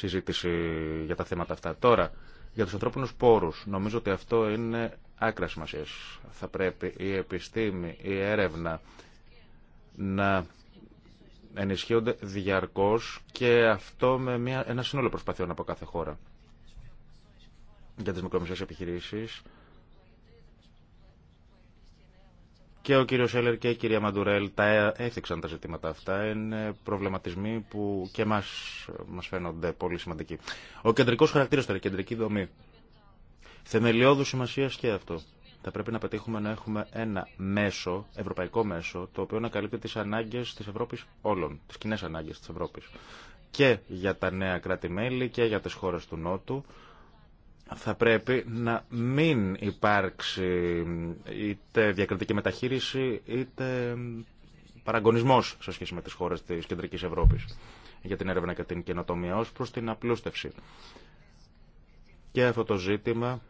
συζήτηση για τα θέματα αυτά. Τώρα, για τους ανθρώπινους πόρους, νομίζω ότι αυτό είναι άκρα σημασία. Θα πρέπει η επιστήμη, η έρευνα να ενισχύονται διαρκώς και αυτό με μια, ένα σύνολο προσπαθειών από κάθε χώρα. Για τις μικρομεσαίες επιχειρήσεις, Και ο κύριο Έλερ και η κυρία Μαντουρέλ τα έφτιαξαν τα ζητήματα αυτά. Είναι προβληματισμοί που και εμά μα φαίνονται πολύ σημαντικοί. Ο κεντρικό χαρακτήρα, τώρα, η κεντρική δομή. Θεμελιώδου σημασία και αυτό. Θα πρέπει να πετύχουμε να έχουμε ένα μέσο, ευρωπαϊκό μέσο, το οποίο να καλύπτει τις ανάγκες της Ευρώπη όλων, τι κοινέ ανάγκε τη Ευρώπη. Και για τα νέα κράτη-μέλη και για τι χώρε του Νότου, θα πρέπει να μην υπάρξει είτε διακριτική μεταχείριση είτε παραγωνισμός σε σχέση με τις χώρες της Κεντρικής Ευρώπης για την έρευνα και την καινοτομία ως προς την απλούστευση. Και αυτό το ζήτημα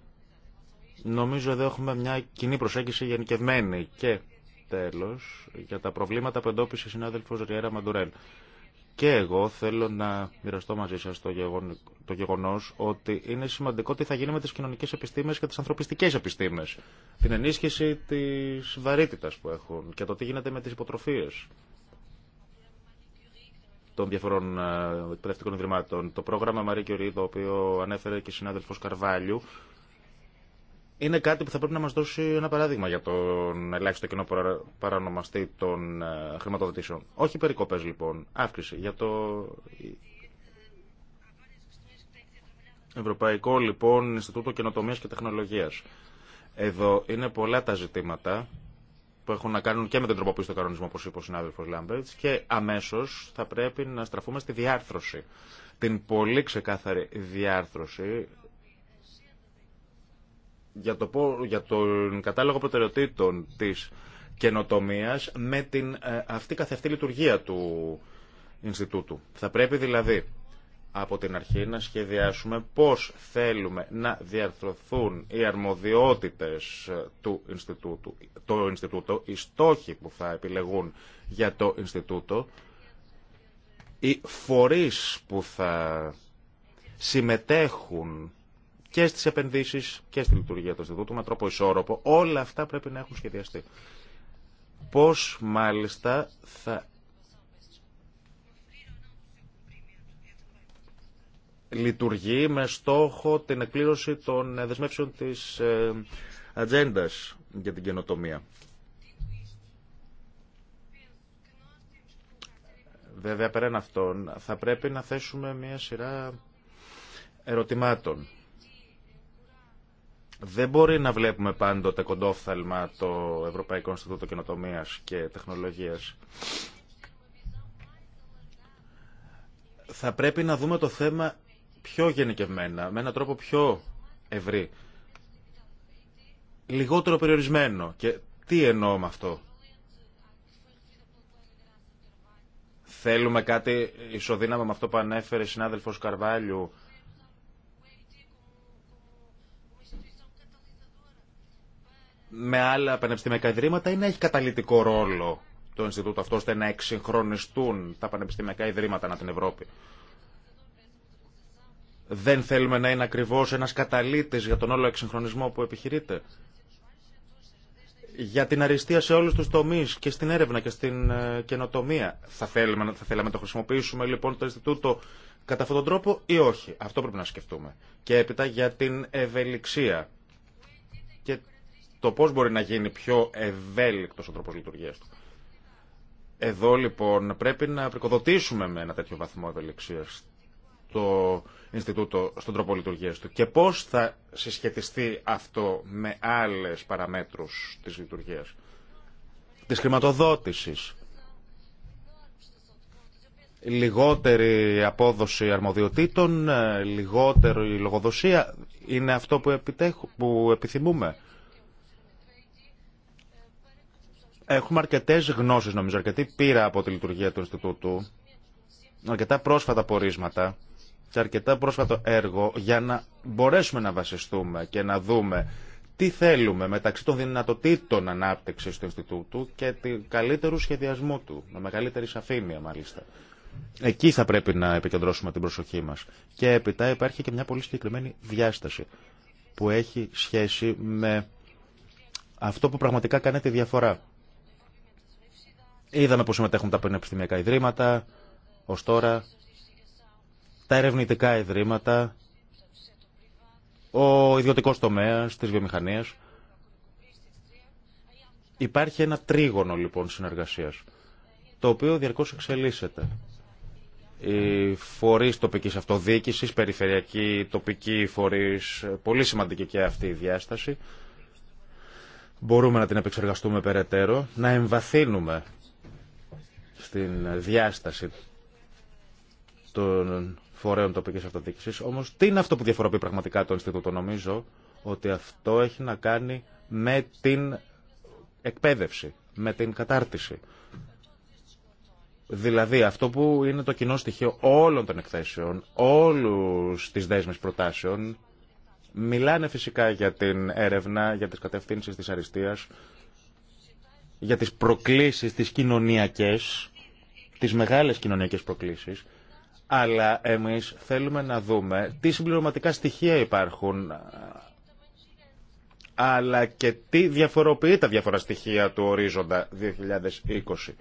νομίζω εδώ έχουμε μια κοινή προσέγγιση γενικευμένη και τέλος για τα προβλήματα που εντόπισε η συνάδελφος Ριέρα Μαντουρέλ. Και εγώ θέλω να μοιραστώ μαζί σας το, γεγονό γεγονός ότι είναι σημαντικό τι θα γίνει με τις κοινωνικές επιστήμες και τις ανθρωπιστικές επιστήμες. Την ενίσχυση της βαρύτητας που έχουν και το τι γίνεται με τις υποτροφίες των διαφορών ε, εκπαιδευτικών ιδρυμάτων. Το πρόγραμμα Μαρή Curie, το οποίο ανέφερε και η συνάδελφος Καρβάλιου, είναι κάτι που θα πρέπει να μας δώσει ένα παράδειγμα για τον ελάχιστο κοινό παρανομαστή των ε, χρηματοδοτήσεων. Όχι περικοπέ, λοιπόν, αύξηση για το... Ευρωπαϊκό λοιπόν Ινστιτούτο Καινοτομία και Τεχνολογίας. Εδώ είναι πολλά τα ζητήματα που έχουν να κάνουν και με την τροποποίηση του κανονισμού, όπω είπε ο συνάδελφο Λάμπερτ, και αμέσω θα πρέπει να στραφούμε στη διάρθρωση. Την πολύ ξεκάθαρη διάρθρωση για, τον κατάλογο προτεραιοτήτων της καινοτομία με την ε, αυτή καθευτή λειτουργία του Ινστιτούτου. Θα πρέπει δηλαδή από την αρχή να σχεδιάσουμε πώς θέλουμε να διαρθρωθούν οι αρμοδιότητες ε, του Ινστιτούτου, το Ινστιτούτο, οι στόχοι που θα επιλεγούν για το Ινστιτούτο, οι φορείς που θα συμμετέχουν και στις επενδύσεις και στη λειτουργία του Ινστιτούτου με τρόπο ισόρροπο. Όλα αυτά πρέπει να έχουν σχεδιαστεί. Πώς μάλιστα θα λειτουργεί με στόχο την εκπλήρωση των ε, δεσμεύσεων της ε, ατζέντα για την καινοτομία. Βέβαια, πέραν αυτών, θα πρέπει να θέσουμε μία σειρά ερωτημάτων δεν μπορεί να βλέπουμε πάντοτε κοντόφθαλμα το Ευρωπαϊκό Ινστιτούτο Καινοτομία και Τεχνολογία. Θα πρέπει να δούμε το θέμα πιο γενικευμένα, με έναν τρόπο πιο ευρύ, λιγότερο περιορισμένο. Και τι εννοώ με αυτό. Θέλουμε κάτι ισοδύναμο με αυτό που ανέφερε η συνάδελφος Καρβάλιου με άλλα πανεπιστημιακά ιδρύματα ή να έχει καταλητικό ρόλο το Ινστιτούτο αυτό ώστε να εξυγχρονιστούν τα πανεπιστημιακά ιδρύματα ανά την Ευρώπη. Δεν θέλουμε να είναι ακριβώ ένα καταλήτη για τον όλο εξυγχρονισμό που επιχειρείται. Για την αριστεία σε όλου του τομεί και στην έρευνα και στην ε, καινοτομία. Θα θέλαμε, θα θέλαμε να το χρησιμοποιήσουμε λοιπόν το Ινστιτούτο κατά αυτόν τον τρόπο ή όχι. Αυτό πρέπει να σκεφτούμε. Και έπειτα για την ευελιξία το πώς μπορεί να γίνει πιο ευέλικτος ο τρόπος λειτουργίας του. Εδώ λοιπόν πρέπει να πρικοδοτήσουμε με ένα τέτοιο βαθμό ευελιξία το Ινστιτούτο στον τρόπο λειτουργίας του και πώς θα συσχετιστεί αυτό με άλλες παραμέτρους της λειτουργίας, της χρηματοδότησης, λιγότερη απόδοση αρμοδιοτήτων, ε, λιγότερη λογοδοσία, είναι αυτό που, επιτέχ που επιθυμούμε. Έχουμε αρκετέ γνώσει, νομίζω, αρκετή πείρα από τη λειτουργία του Ινστιτούτου, αρκετά πρόσφατα πορίσματα και αρκετά πρόσφατο έργο για να μπορέσουμε να βασιστούμε και να δούμε τι θέλουμε μεταξύ των δυνατοτήτων ανάπτυξης του Ινστιτούτου και του καλύτερου σχεδιασμού του, με μεγαλύτερη σαφήνεια μάλιστα. Εκεί θα πρέπει να επικεντρώσουμε την προσοχή μας. Και έπειτα υπάρχει και μια πολύ συγκεκριμένη διάσταση που έχει σχέση με αυτό που πραγματικά κάνει τη διαφορά. Είδαμε πώ συμμετέχουν τα πανεπιστημιακά ιδρύματα, ω τώρα, τα ερευνητικά ιδρύματα, ο ιδιωτικό τομέα τη βιομηχανία. Υπάρχει ένα τρίγωνο λοιπόν συνεργασίας, το οποίο διαρκώς εξελίσσεται. Οι φορείς τοπικής αυτοδιοίκησης, περιφερειακοί, τοπικοί φορείς, πολύ σημαντική και αυτή η διάσταση. Μπορούμε να την επεξεργαστούμε περαιτέρω, να εμβαθύνουμε στην διάσταση των φορέων τοπικής αυτοδιοίκησης. Όμως τι είναι αυτό που διαφοροποιεί πραγματικά το Ινστιτούτο. Νομίζω ότι αυτό έχει να κάνει με την εκπαίδευση, με την κατάρτιση. Δηλαδή αυτό που είναι το κοινό στοιχείο όλων των εκθέσεων, όλου τις δέσμες προτάσεων, μιλάνε φυσικά για την έρευνα, για τις κατευθύνσεις της αριστείας, για τις προκλήσεις, τις κοινωνιακές, τις μεγάλες κοινωνικές προκλήσεις, αλλά εμείς θέλουμε να δούμε τι συμπληρωματικά στοιχεία υπάρχουν, αλλά και τι διαφοροποιεί τα διάφορα στοιχεία του ορίζοντα 2020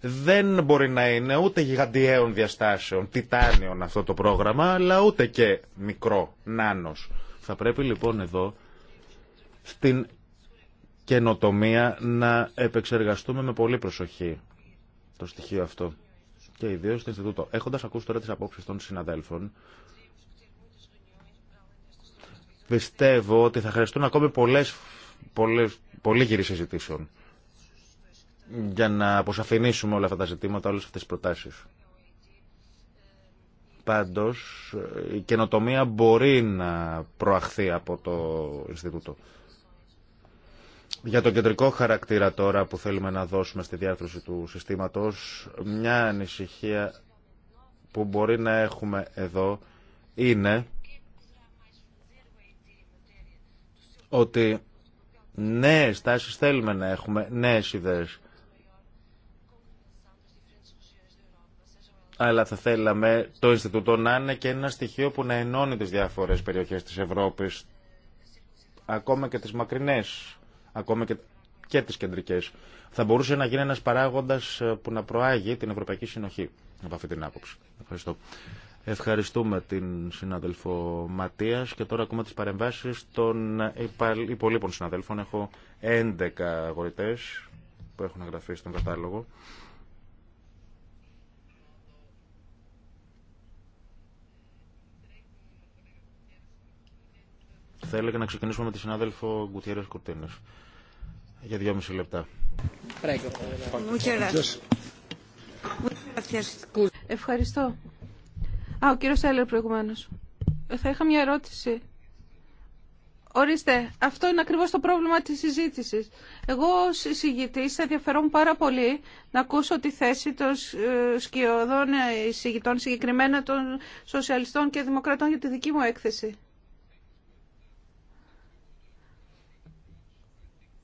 δεν μπορεί να είναι ούτε γιγαντιαίων διαστάσεων, τιτάνιων αυτό το πρόγραμμα, αλλά ούτε και μικρό, νάνος. Θα πρέπει λοιπόν εδώ στην καινοτομία να επεξεργαστούμε με πολύ προσοχή το στοιχείο αυτό και ιδίως το Ινστιτούτο. Έχοντας ακούσει τώρα τις απόψεις των συναδέλφων, πιστεύω ότι θα χρειαστούν ακόμη πολλές, πολλές, πολύ συζητήσεων για να αποσαφηνίσουμε όλα αυτά τα ζητήματα, όλες αυτές τις προτάσεις. Πάντως, η καινοτομία μπορεί να προαχθεί από το Ινστιτούτο. Για τον κεντρικό χαρακτήρα τώρα που θέλουμε να δώσουμε στη διάρθρωση του συστήματος, μια ανησυχία που μπορεί να έχουμε εδώ είναι ότι νέες τάσεις θέλουμε να έχουμε, νέες ιδέες. αλλά θα θέλαμε το Ινστιτούτο να είναι και ένα στοιχείο που να ενώνει τις διάφορες περιοχές της Ευρώπης, ακόμα και τις μακρινές ακόμα και, και τις κεντρικές. Θα μπορούσε να γίνει ένας παράγοντας ε, που να προάγει την Ευρωπαϊκή Συνοχή από αυτή την άποψη. Ευχαριστώ. Ευχαριστούμε την συνάδελφο Ματίας και τώρα ακούμε τις παρεμβάσεις των υπολείπων συναδέλφων. Έχω 11 αγορητές που έχουν εγγραφεί στον κατάλογο. Θα έλεγα να ξεκινήσουμε με τη συνάδελφο Γκουτιέρες Κορτίνες για δύο μισή λεπτά. Ευχαριστώ. Α, ο κύριος Έλερ προηγουμένως. Ε, θα είχα μια ερώτηση. Ορίστε, αυτό είναι ακριβώς το πρόβλημα της συζήτησης. Εγώ ως εισηγητής θα ενδιαφερόμουν πάρα πολύ να ακούσω τη θέση των ε, σκιωδών εισηγητών, συγκεκριμένα των σοσιαλιστών και δημοκρατών για τη δική μου έκθεση.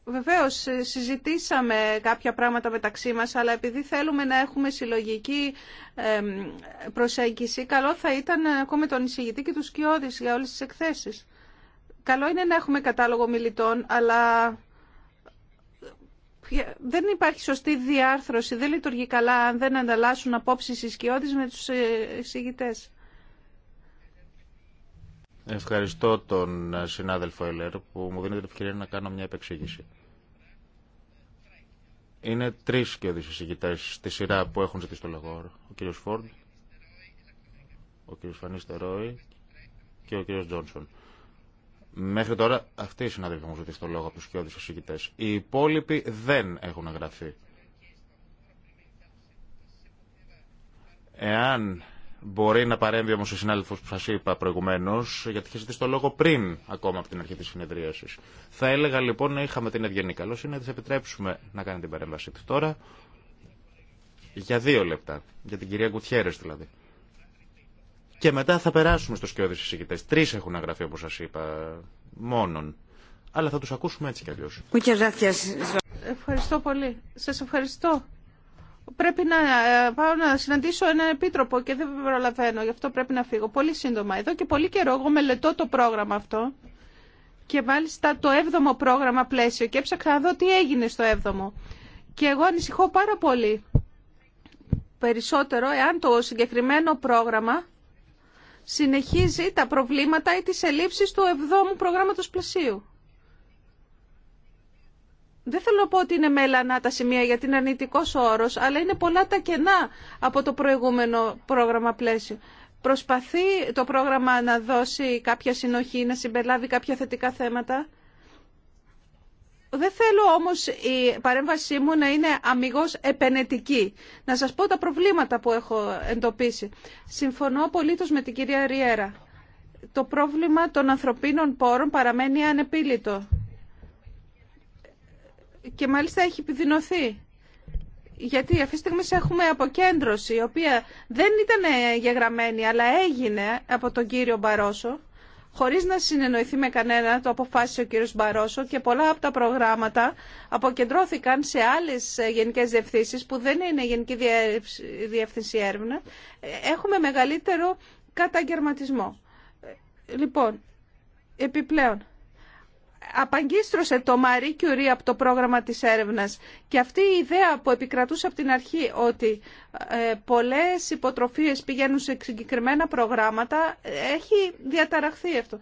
Βεβαίως ε, συζητήσαμε κάποια πράγματα μεταξύ μα, αλλά επειδή θέλουμε να έχουμε συλλογική προσέγγιση, καλό θα ήταν να ε, ακούμε τον εισηγητή και τους σκιώδη για όλες τις εκθέσεις. Καλό είναι να έχουμε κατάλογο μιλητών, αλλά ε, δεν υπάρχει σωστή διάρθρωση, δεν λειτουργεί καλά αν δεν ανταλλάσσουν απόψει οι σκιώδη με τους εισηγητέ. Ευχαριστώ τον συνάδελφο Ελέρ που μου δίνει την ευκαιρία να κάνω μια επεξήγηση. Είναι τρει και ο στη σειρά που έχουν ζητήσει το λόγο. Ο κύριο Φόρντ, ο κύριο Φανίστε Ρόι και ο κύριο Τζόνσον. Μέχρι τώρα αυτοί οι συνάδελφοι έχουν ζητήσει το λόγο από του ο εισηγητέ. Οι υπόλοιποι δεν έχουν γραφεί. Εάν Μπορεί να παρέμβει όμω ο συνάδελφο που σα είπα προηγουμένω, γιατί είχε ζητήσει το λόγο πριν ακόμα από την αρχή τη συνεδρίαση. Θα έλεγα λοιπόν να είχαμε την ευγενή καλοσύνη να τη επιτρέψουμε να κάνει την παρέμβασή του τώρα για δύο λεπτά. Για την κυρία Γκουτιέρε δηλαδή. Και μετά θα περάσουμε στου σκιώδει εισηγητέ. Τρει έχουν αγραφεί όπω σα είπα, μόνον. Αλλά θα του ακούσουμε έτσι κι αλλιώ. Ευχαριστώ πολύ. Σα ευχαριστώ Πρέπει να ε, πάω να συναντήσω έναν επίτροπο και δεν προλαβαίνω, γι' αυτό πρέπει να φύγω. Πολύ σύντομα. Εδώ και πολύ καιρό εγώ μελετώ το πρόγραμμα αυτό και μάλιστα το 7ο πρόγραμμα πλαίσιο και έψαξα να δω τι έγινε στο 7ο. Και εγώ ανησυχώ πάρα πολύ περισσότερο εάν το συγκεκριμένο πρόγραμμα συνεχίζει τα προβλήματα ή τις ελλείψεις του 7ου προγράμματος πλαισίου δεν θέλω να πω ότι είναι μελανά τα σημεία γιατί είναι αρνητικό όρο, αλλά είναι πολλά τα κενά από το προηγούμενο πρόγραμμα πλαίσιο. Προσπαθεί το πρόγραμμα να δώσει κάποια συνοχή, να συμπεριλάβει κάποια θετικά θέματα. Δεν θέλω όμως η παρέμβασή μου να είναι αμυγός επενετική. Να σας πω τα προβλήματα που έχω εντοπίσει. Συμφωνώ απολύτως με την κυρία Ριέρα. Το πρόβλημα των ανθρωπίνων πόρων παραμένει ανεπίλητο και μάλιστα έχει επιδεινωθεί. Γιατί αυτή τη στιγμή έχουμε αποκέντρωση, η οποία δεν ήταν γεγραμμένη, αλλά έγινε από τον κύριο Μπαρόσο, χωρίς να συνεννοηθεί με κανένα, το αποφάσισε ο κύριο Μπαρόσο και πολλά από τα προγράμματα αποκεντρώθηκαν σε άλλες γενικές διευθύνσεις που δεν είναι Γενική Διεύθυνση Έρευνα. Έχουμε μεγαλύτερο καταγερματισμό. Λοιπόν, επιπλέον, απαγκίστρωσε το Marie Curie από το πρόγραμμα της έρευνας. Και αυτή η ιδέα που επικρατούσε από την αρχή ότι ε, πολλές υποτροφίες πηγαίνουν σε συγκεκριμένα προγράμματα έχει διαταραχθεί αυτό.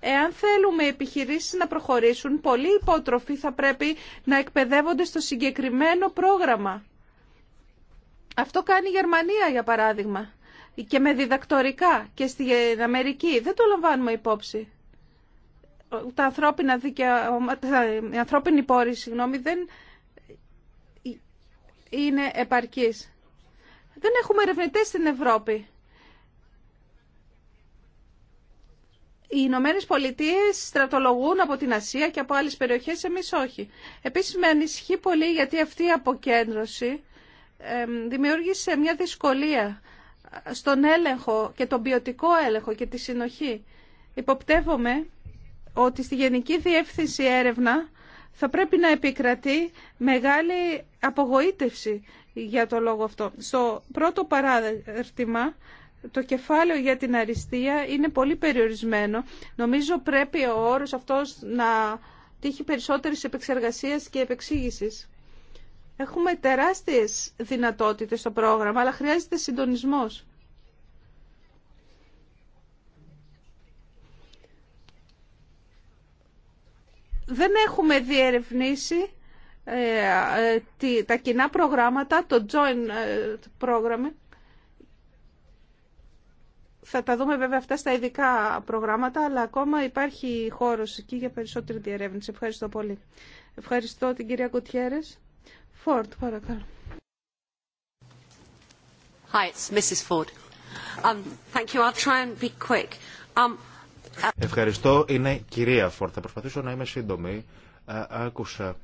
Εάν θέλουμε οι επιχειρήσεις να προχωρήσουν, πολλοί υπότροφοι θα πρέπει να εκπαιδεύονται στο συγκεκριμένο πρόγραμμα. Αυτό κάνει η Γερμανία, για παράδειγμα, και με διδακτορικά και στην Αμερική. Δεν το λαμβάνουμε υπόψη τα ανθρώπινα δικαιώματα, η ανθρώπινη πόρη, συγγνώμη, δεν είναι επαρκής. Δεν έχουμε ερευνητές στην Ευρώπη. Οι Ηνωμένε Πολιτείε στρατολογούν από την Ασία και από άλλες περιοχές, εμείς όχι. Επίσης με ανησυχεί πολύ γιατί αυτή η αποκέντρωση δημιούργησε μια δυσκολία στον έλεγχο και τον ποιοτικό έλεγχο και τη συνοχή. Υποπτεύομαι ότι στη Γενική Διεύθυνση Έρευνα θα πρέπει να επικρατεί μεγάλη απογοήτευση για το λόγο αυτό. Στο πρώτο παράδειγμα, το κεφάλαιο για την αριστεία είναι πολύ περιορισμένο. Νομίζω πρέπει ο όρος αυτός να τύχει περισσότερης επεξεργασίας και επεξήγησης. Έχουμε τεράστιες δυνατότητες στο πρόγραμμα, αλλά χρειάζεται συντονισμός. δεν έχουμε διερευνήσει ε, ε, τα κοινά προγράμματα, το joint ε, program. Θα τα δούμε βέβαια αυτά στα ειδικά προγράμματα, αλλά ακόμα υπάρχει χώρος εκεί για περισσότερη διερεύνηση. Ευχαριστώ πολύ. Ευχαριστώ την κυρία Κουτιέρες. Φόρτ, παρακαλώ. Hi, it's Mrs. Ford. Um, thank you. I'll try and be quick. Um, Ευχαριστώ. Είναι κυρία Φόρτ. Θα προσπαθήσω να είμαι σύντομη. Άκουσα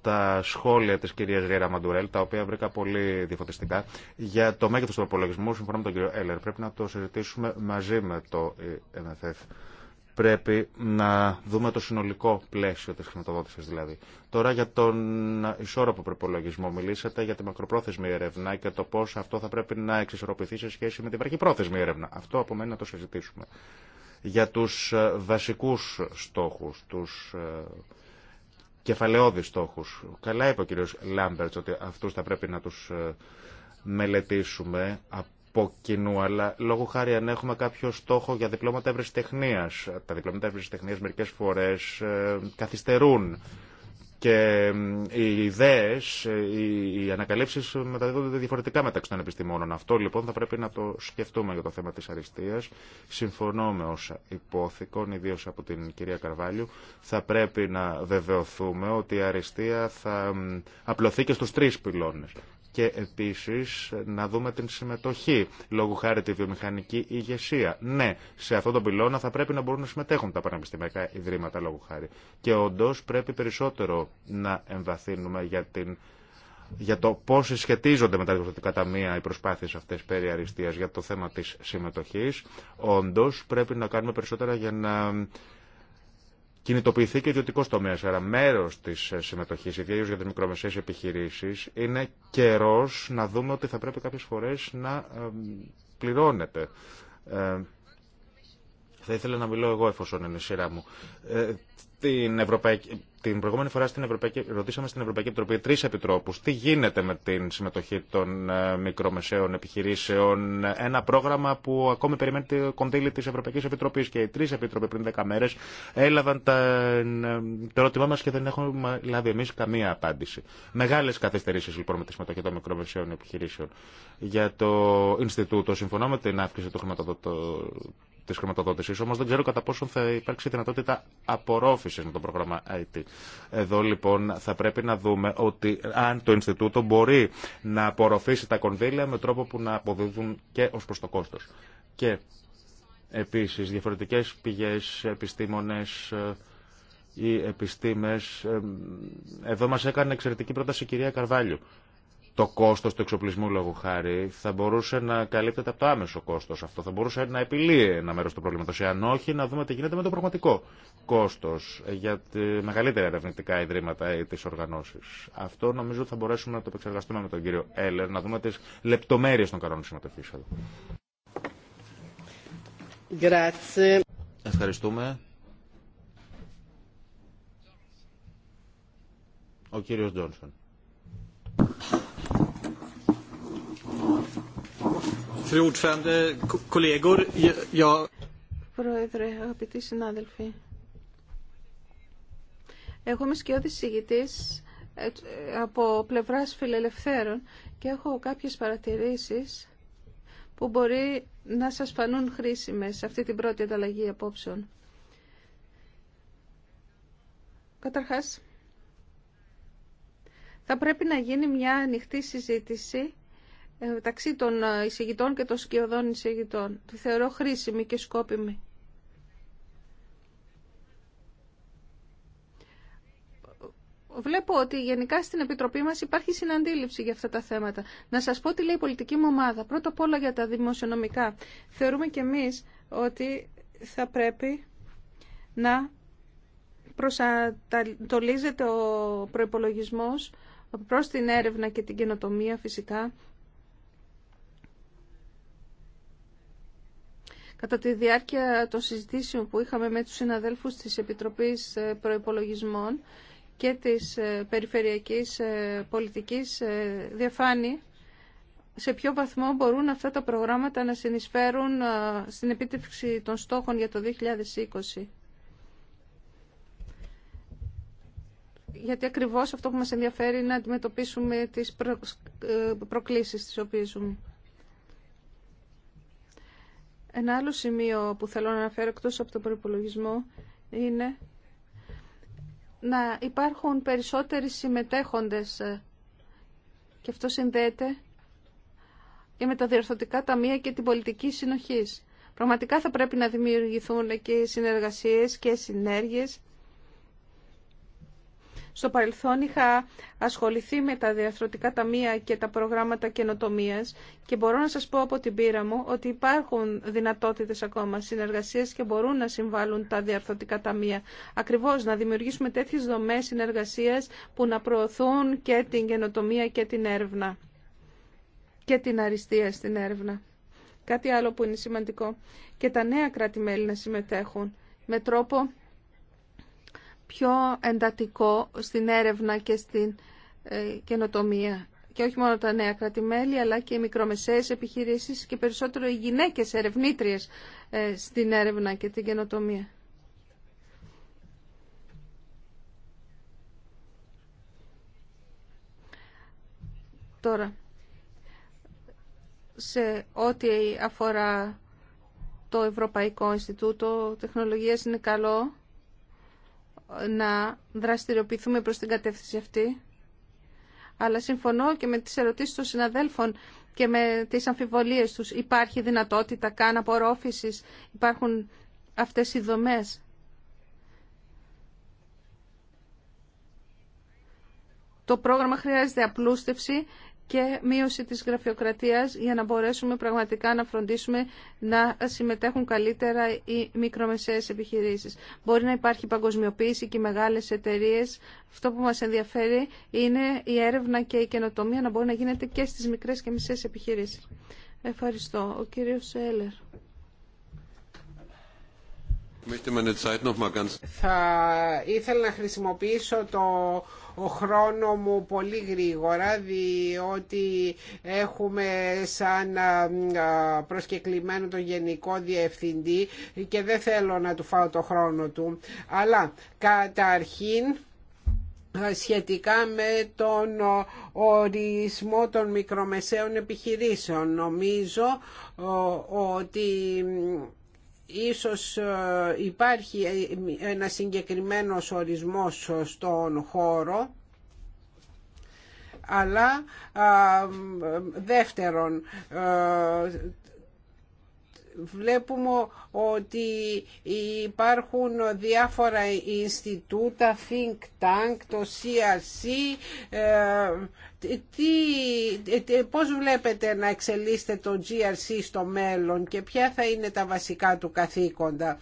τα σχόλια τη κυρία Γέρα Μαντουρέλ, τα οποία βρήκα πολύ διαφωτιστικά, για το μέγεθο του προπολογισμού συμφωνώ με τον κύριο Έλερ. Πρέπει να το συζητήσουμε μαζί με το MFF. Πρέπει να δούμε το συνολικό πλαίσιο τη χρηματοδότηση δηλαδή. Τώρα για τον ισόρροπο προπολογισμό. Μιλήσατε για τη μακροπρόθεσμη έρευνα και το πώ αυτό θα πρέπει να εξισορροπηθεί σε σχέση με την πρόθεσμη έρευνα. Αυτό απομένει να το συζητήσουμε για τους ε, βασικούς στόχους, τους ε, κεφαλαιώδεις στόχους. Καλά είπε ο κύριος Λάμπερτς ότι αυτούς θα πρέπει να τους ε, μελετήσουμε από κοινού, αλλά λόγω χάρη αν έχουμε κάποιο στόχο για διπλώματα ευρεσιτεχνίας. Τα διπλώματα ευρεσιτεχνίας μερικές φορές καθυστερούν και οι ιδέε, ε, οι ανακαλύψει μεταδίδονται διαφορετικά μεταξύ των επιστημόνων. Αυτό λοιπόν θα πρέπει να το σκεφτούμε για το θέμα τη αριστεία. Συμφωνώ με όσα υπόθηκαν, ιδίω από την κυρία Καρβάλιου. Θα πρέπει να βεβαιωθούμε ότι η αριστεία θα απλωθεί και στου τρει πυλώνε και επίσης να δούμε την συμμετοχή, λόγου χάρη τη βιομηχανική ηγεσία. Ναι, σε αυτόν τον πυλώνα θα πρέπει να μπορούν να συμμετέχουν τα πανεπιστημιακά ιδρύματα, λόγου χάρη. Και όντω πρέπει περισσότερο να εμβαθύνουμε για την για το πώ συσχετίζονται με τα δημοσιοτικά ταμεία οι προσπάθειε αυτέ περί αριστεία για το θέμα τη συμμετοχή. Όντω, πρέπει να κάνουμε περισσότερα για να κινητοποιηθεί και ο ιδιωτικό τομέα. Άρα, μέρο τη συμμετοχή, ιδίω για τι μικρομεσαίε επιχειρήσει, είναι καιρό να δούμε ότι θα πρέπει κάποιε φορέ να πληρώνεται ε, θα ήθελα να μιλώ εγώ εφόσον είναι η σειρά μου. Ε, την, την προηγούμενη φορά στην Ευρωπαϊκή, ρωτήσαμε στην Ευρωπαϊκή Επιτροπή τρει επιτρόπου τι γίνεται με την συμμετοχή των ε, μικρομεσαίων επιχειρήσεων. Ένα πρόγραμμα που ακόμη περιμένει το κονδύλι τη Ευρωπαϊκή Επιτροπή και οι τρει επιτροποί πριν δέκα μέρε έλαβαν τα, ε, το ερώτημά μα και δεν έχουμε λάβει εμεί καμία απάντηση. Μεγάλε καθυστερήσει λοιπόν με τη συμμετοχή των μικρομεσαίων επιχειρήσεων. Για το Ινστιτούτο, συμφωνώ με την αύξηση του χρηματοδότου τη χρηματοδότησή, όμω δεν ξέρω κατά πόσο θα υπάρξει δυνατότητα απορρόφηση με το πρόγραμμα IT. Εδώ λοιπόν θα πρέπει να δούμε ότι αν το Ινστιτούτο μπορεί να απορροφήσει τα κονδύλια με τρόπο που να αποδίδουν και ω προ το κόστο. Και επίση διαφορετικέ πηγέ επιστήμονε ή ε, επιστήμες. Ε, ε, εδώ μας έκανε εξαιρετική πρόταση η κυρία καρβαλιο το κόστο του εξοπλισμού λόγω χάρη θα μπορούσε να καλύπτεται από το άμεσο κόστο αυτό. Θα μπορούσε να επιλύει ένα μέρο του προβλήματο. Εάν όχι, να δούμε τι γίνεται με το πραγματικό κόστο για τη μεγαλύτερα ερευνητικά ιδρύματα ή τι οργανώσει. Αυτό νομίζω θα μπορέσουμε να το επεξεργαστούμε με τον κύριο Έλερ, να δούμε τι λεπτομέρειε των κανόνων συμμετοχή εδώ. Ευχαριστούμε. Ο κύριος Τζόνσον. Πρόεδρε, αγαπητοί συνάδελφοι, εγώ είμαι σκιώδη συγητή ε, από πλευράς φιλελευθέρων και έχω κάποιες παρατηρήσεις που μπορεί να σα φανούν χρήσιμες σε αυτή την πρώτη ανταλλαγή απόψεων. Καταρχάς, θα πρέπει να γίνει μια ανοιχτή συζήτηση ε, μεταξύ των ε, εισηγητών και των σκιωδών εισηγητών. Τη θεωρώ χρήσιμη και σκόπιμη. Βλέπω ότι γενικά στην Επιτροπή μας υπάρχει συναντήληψη για αυτά τα θέματα. Να σας πω τι λέει η πολιτική μου ομάδα. Πρώτα απ' όλα για τα δημοσιονομικά. Θεωρούμε και εμείς ότι θα πρέπει να προσανατολίζεται ο προϋπολογισμός προς την έρευνα και την καινοτομία φυσικά Κατά τη διάρκεια των συζητήσεων που είχαμε με τους συναδέλφους της Επιτροπής ε, Προϋπολογισμών και της ε, Περιφερειακής ε, Πολιτικής διαφάνει σε ποιο βαθμό μπορούν αυτά τα προγράμματα να συνεισφέρουν στην επίτευξη των στόχων για το 2020. γιατί ακριβώς αυτό που μας ενδιαφέρει είναι να αντιμετωπίσουμε τις προκλήσεις τις οποίες ζούμε. Ένα άλλο σημείο που θέλω να αναφέρω εκτός από τον προπολογισμό είναι να υπάρχουν περισσότεροι συμμετέχοντες και αυτό συνδέεται και με τα διορθωτικά ταμεία και την πολιτική συνοχής. Πραγματικά θα πρέπει να δημιουργηθούν και συνεργασίες και συνέργειες στο παρελθόν είχα ασχοληθεί με τα διαθροτικά ταμεία και τα προγράμματα καινοτομία και μπορώ να σας πω από την πείρα μου ότι υπάρχουν δυνατότητες ακόμα συνεργασίας και μπορούν να συμβάλλουν τα διαρθρωτικά ταμεία. Ακριβώς να δημιουργήσουμε τέτοιες δομές συνεργασίας που να προωθούν και την καινοτομία και την έρευνα και την αριστεία στην έρευνα. Κάτι άλλο που είναι σημαντικό. Και τα νέα κράτη-μέλη να συμμετέχουν με τρόπο πιο εντατικό στην έρευνα και στην ε, καινοτομία. Και όχι μόνο τα νέα μέλη αλλά και οι μικρομεσαίες επιχειρήσεις και περισσότερο οι γυναίκες ερευνήτριες ε, στην έρευνα και την καινοτομία. Τώρα, σε ό,τι αφορά το Ευρωπαϊκό Ινστιτούτο Τεχνολογίας είναι καλό να δραστηριοποιηθούμε προς την κατεύθυνση αυτή. Αλλά συμφωνώ και με τις ερωτήσεις των συναδέλφων και με τις αμφιβολίες τους. Υπάρχει δυνατότητα καν απορρόφησης, υπάρχουν αυτές οι δομές. Το πρόγραμμα χρειάζεται απλούστευση και μείωση της γραφειοκρατίας για να μπορέσουμε πραγματικά να φροντίσουμε να συμμετέχουν καλύτερα οι μικρομεσαίες επιχειρήσεις. Μπορεί να υπάρχει παγκοσμιοποίηση και μεγάλες εταιρείες. Αυτό που μας ενδιαφέρει είναι η έρευνα και η καινοτομία να μπορεί να γίνεται και στις μικρές και μισές επιχειρήσεις. Ευχαριστώ. Ο κύριος Έλερ. Θα ήθελα να χρησιμοποιήσω το χρόνο μου πολύ γρήγορα διότι έχουμε σαν προσκεκλημένο τον Γενικό Διευθυντή και δεν θέλω να του φάω το χρόνο του. Αλλά καταρχήν σχετικά με τον ορισμό των μικρομεσαίων επιχειρήσεων. Νομίζω ότι ίσως ε, υπάρχει ε, ένα συγκεκριμένος ορισμός στον χώρο αλλά δεύτερον ε, βλέπουμε ότι υπάρχουν διάφορα Ινστιτούτα, Think Tank, το CRC τι, πώς βλέπετε να εξελίσσετε το GRC στο μέλλον και ποια θα είναι τα βασικά του καθήκοντα.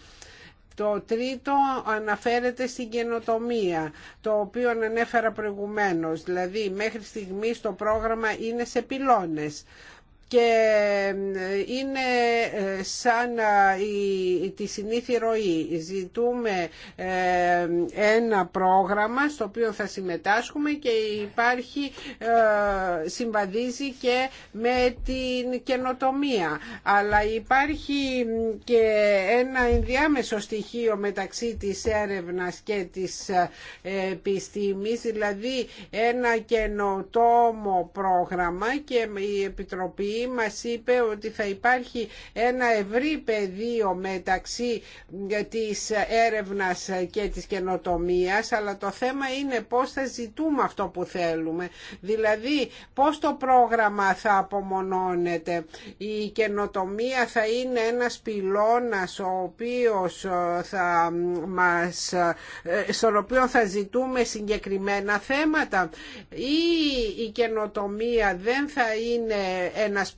Το τρίτο αναφέρεται στην καινοτομία, το οποίο ανέφερα προηγουμένως. Δηλαδή, μέχρι στιγμής το πρόγραμμα είναι σε πυλώνες και ε, είναι ε, σαν ε, τη συνήθη ροή. Ζητούμε ένα πρόγραμμα στο οποίο θα συμμετάσχουμε και υπάρχει, συμβαδίζει και με την καινοτομία. Αλλά υπάρχει και ένα ενδιάμεσο στοιχείο μεταξύ της έρευνας και της επιστήμης, δηλαδή ένα καινοτόμο πρόγραμμα και η Επιτροπή μας είπε ότι θα υπάρχει ένα ευρύ πεδίο μεταξύ της έρευνας και της καινοτομίας αλλά το θέμα είναι πώς θα ζητούμε αυτό που θέλουμε δηλαδή πώς το πρόγραμμα θα απομονώνεται η καινοτομία θα είναι ένας πυλώνας ο οποίος ε, θα μας, ε, στον οποίο θα ζητούμε συγκεκριμένα θέματα ή η καινοτομία δεν θα είναι ένας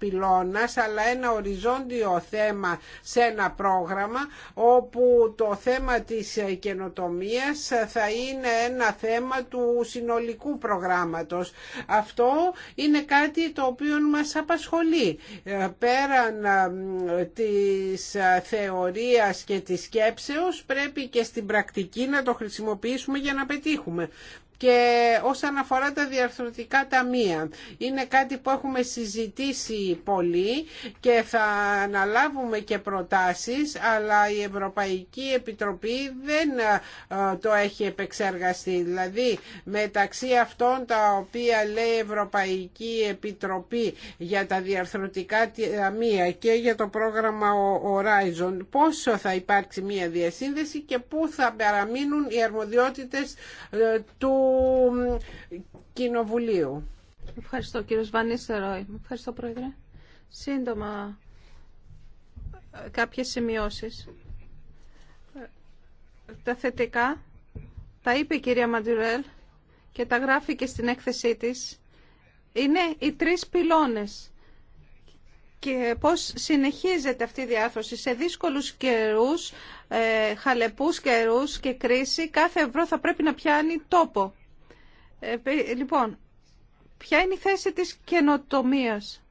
ένας αλλά ένα οριζόντιο θέμα σε ένα πρόγραμμα όπου το θέμα της καινοτομίας θα είναι ένα θέμα του συνολικού προγράμματος. Αυτό είναι κάτι το οποίο μας απασχολεί. Ε, πέραν ε, της θεωρίας και της σκέψεως πρέπει και στην πρακτική να το χρησιμοποιήσουμε για να πετύχουμε και όσον αφορά τα διαρθρωτικά ταμεία. Είναι κάτι που έχουμε συζητήσει πολύ και θα αναλάβουμε και προτάσεις, αλλά η Ευρωπαϊκή Επιτροπή δεν ε, το έχει επεξεργαστεί. Δηλαδή, μεταξύ αυτών τα οποία λέει η Ευρωπαϊκή Επιτροπή για τα διαρθρωτικά ταμεία και για το πρόγραμμα Horizon, πόσο θα υπάρξει μία διασύνδεση και πού θα παραμείνουν οι αρμοδιότητες ε, του Κοινοβουλίου. Ευχαριστώ κύριος Βανίστερόι. Ευχαριστώ πρόεδρε. Σύντομα κάποιες σημειώσεις. Τα θετικά τα είπε η κυρία Μαντουρέλ και τα γράφει και στην έκθεσή της. Είναι οι τρεις πυλώνες και πώς συνεχίζεται αυτή η διάρθρωση σε δύσκολους καιρούς, ε, χαλεπούς καιρούς και κρίση. Κάθε ευρώ θα πρέπει να πιάνει τόπο. Ε, λοιπόν, ποια είναι η θέση της καινοτομίας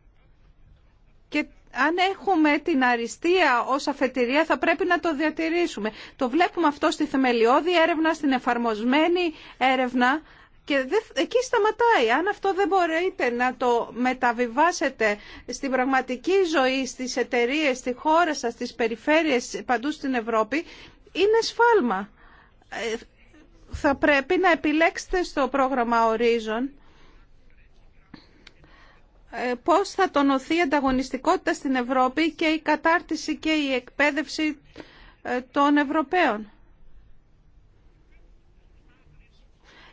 και αν έχουμε την αριστεία ως αφετηρία θα πρέπει να το διατηρήσουμε. Το βλέπουμε αυτό στη θεμελιώδη έρευνα, στην εφαρμοσμένη έρευνα και εκεί σταματάει. Αν αυτό δεν μπορείτε να το μεταβιβάσετε στην πραγματική ζωή, στις εταιρείες, στη χώρα σας, στις περιφέρειες, παντού στην Ευρώπη, είναι σφάλμα. Ε, θα πρέπει να επιλέξετε στο πρόγραμμα ορίζων ε, πώς θα τονωθεί η ανταγωνιστικότητα στην Ευρώπη και η κατάρτιση και η εκπαίδευση ε, των Ευρωπαίων.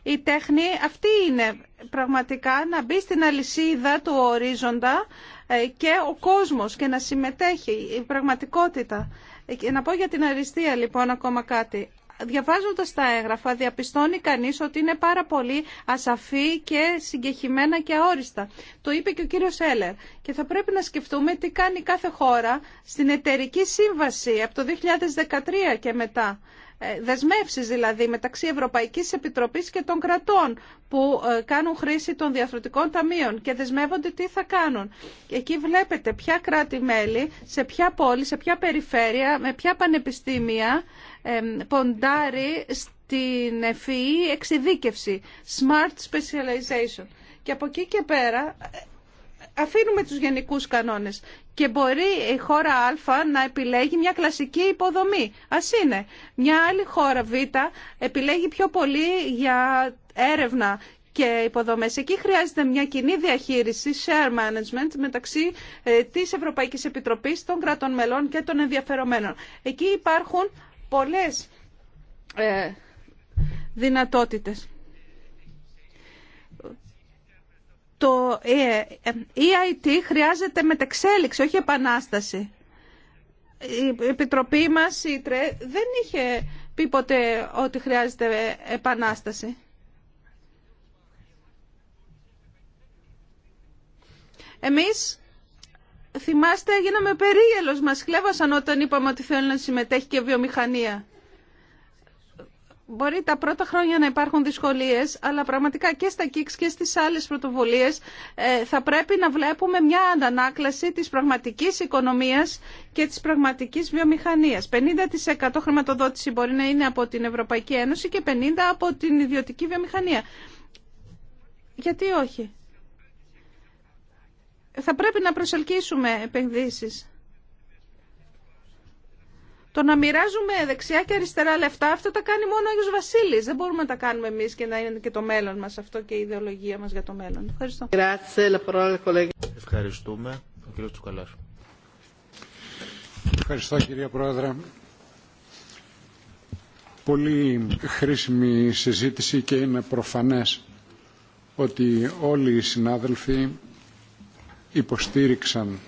Η τέχνη αυτή είναι πραγματικά να μπει στην αλυσίδα του ορίζοντα ε, και ο κόσμος και να συμμετέχει η πραγματικότητα. Να πω για την αριστεία λοιπόν ακόμα κάτι διαβάζοντας τα έγγραφα διαπιστώνει κανείς ότι είναι πάρα πολύ ασαφή και συγκεχημένα και αόριστα. Το είπε και ο κύριος Έλερ. Και θα πρέπει να σκεφτούμε τι κάνει κάθε χώρα στην εταιρική σύμβαση από το 2013 και μετά. Ε, Δεσμεύσει δηλαδή μεταξύ Ευρωπαϊκής Επιτροπής και των κρατών που ε, κάνουν χρήση των διαφορετικών ταμείων και δεσμεύονται τι θα κάνουν. Εκεί βλέπετε ποια κράτη-μέλη, σε ποια πόλη, σε ποια περιφέρεια, με ποια πανεπιστήμια ποντάρει στην ευφυή e e εξειδίκευση, smart specialization. Και από εκεί και πέρα ε, αφήνουμε τους γενικούς κανόνες και μπορεί η χώρα Α να επιλέγει μια κλασική υποδομή. Ας είναι. Μια άλλη χώρα Β επιλέγει πιο πολύ για έρευνα και υποδομές. Εκεί χρειάζεται μια κοινή διαχείριση, share management, μεταξύ ε, της Ευρωπαϊκής Επιτροπής, των κρατών μελών και των ενδιαφερομένων. Εκεί υπάρχουν πολλές ε, δυνατότητες. Το ε, ε, EIT χρειάζεται μετεξέλιξη, όχι επανάσταση. Η Επιτροπή μας, η ΤΡΕ, δεν είχε πει ποτέ ότι χρειάζεται επανάσταση. Εμείς θυμάστε γίναμε περίελος, μας κλέβασαν όταν είπαμε ότι θέλουν να συμμετέχει και βιομηχανία. Μπορεί τα πρώτα χρόνια να υπάρχουν δυσκολίες, αλλά πραγματικά και στα ΚΙΚΣ και στις άλλες πρωτοβουλίες ε, θα πρέπει να βλέπουμε μια αντανάκλαση της πραγματικής οικονομίας και της πραγματικής βιομηχανίας. 50% χρηματοδότηση μπορεί να είναι από την Ευρωπαϊκή Ένωση και 50% από την ιδιωτική βιομηχανία. Γιατί όχι θα πρέπει να προσελκύσουμε επενδύσεις. Το να μοιράζουμε δεξιά και αριστερά λεφτά, αυτό τα κάνει μόνο ο Άγιος Βασίλης. Δεν μπορούμε να τα κάνουμε εμείς και να είναι και το μέλλον μας αυτό και η ιδεολογία μας για το μέλλον. Ευχαριστώ. Ευχαριστούμε. Ο κύριος Τσουκαλάς. Ευχαριστώ κυρία Πρόεδρε. Πολύ χρήσιμη συζήτηση και είναι προφανές ότι όλοι οι συνάδελφοι υποστήριξαν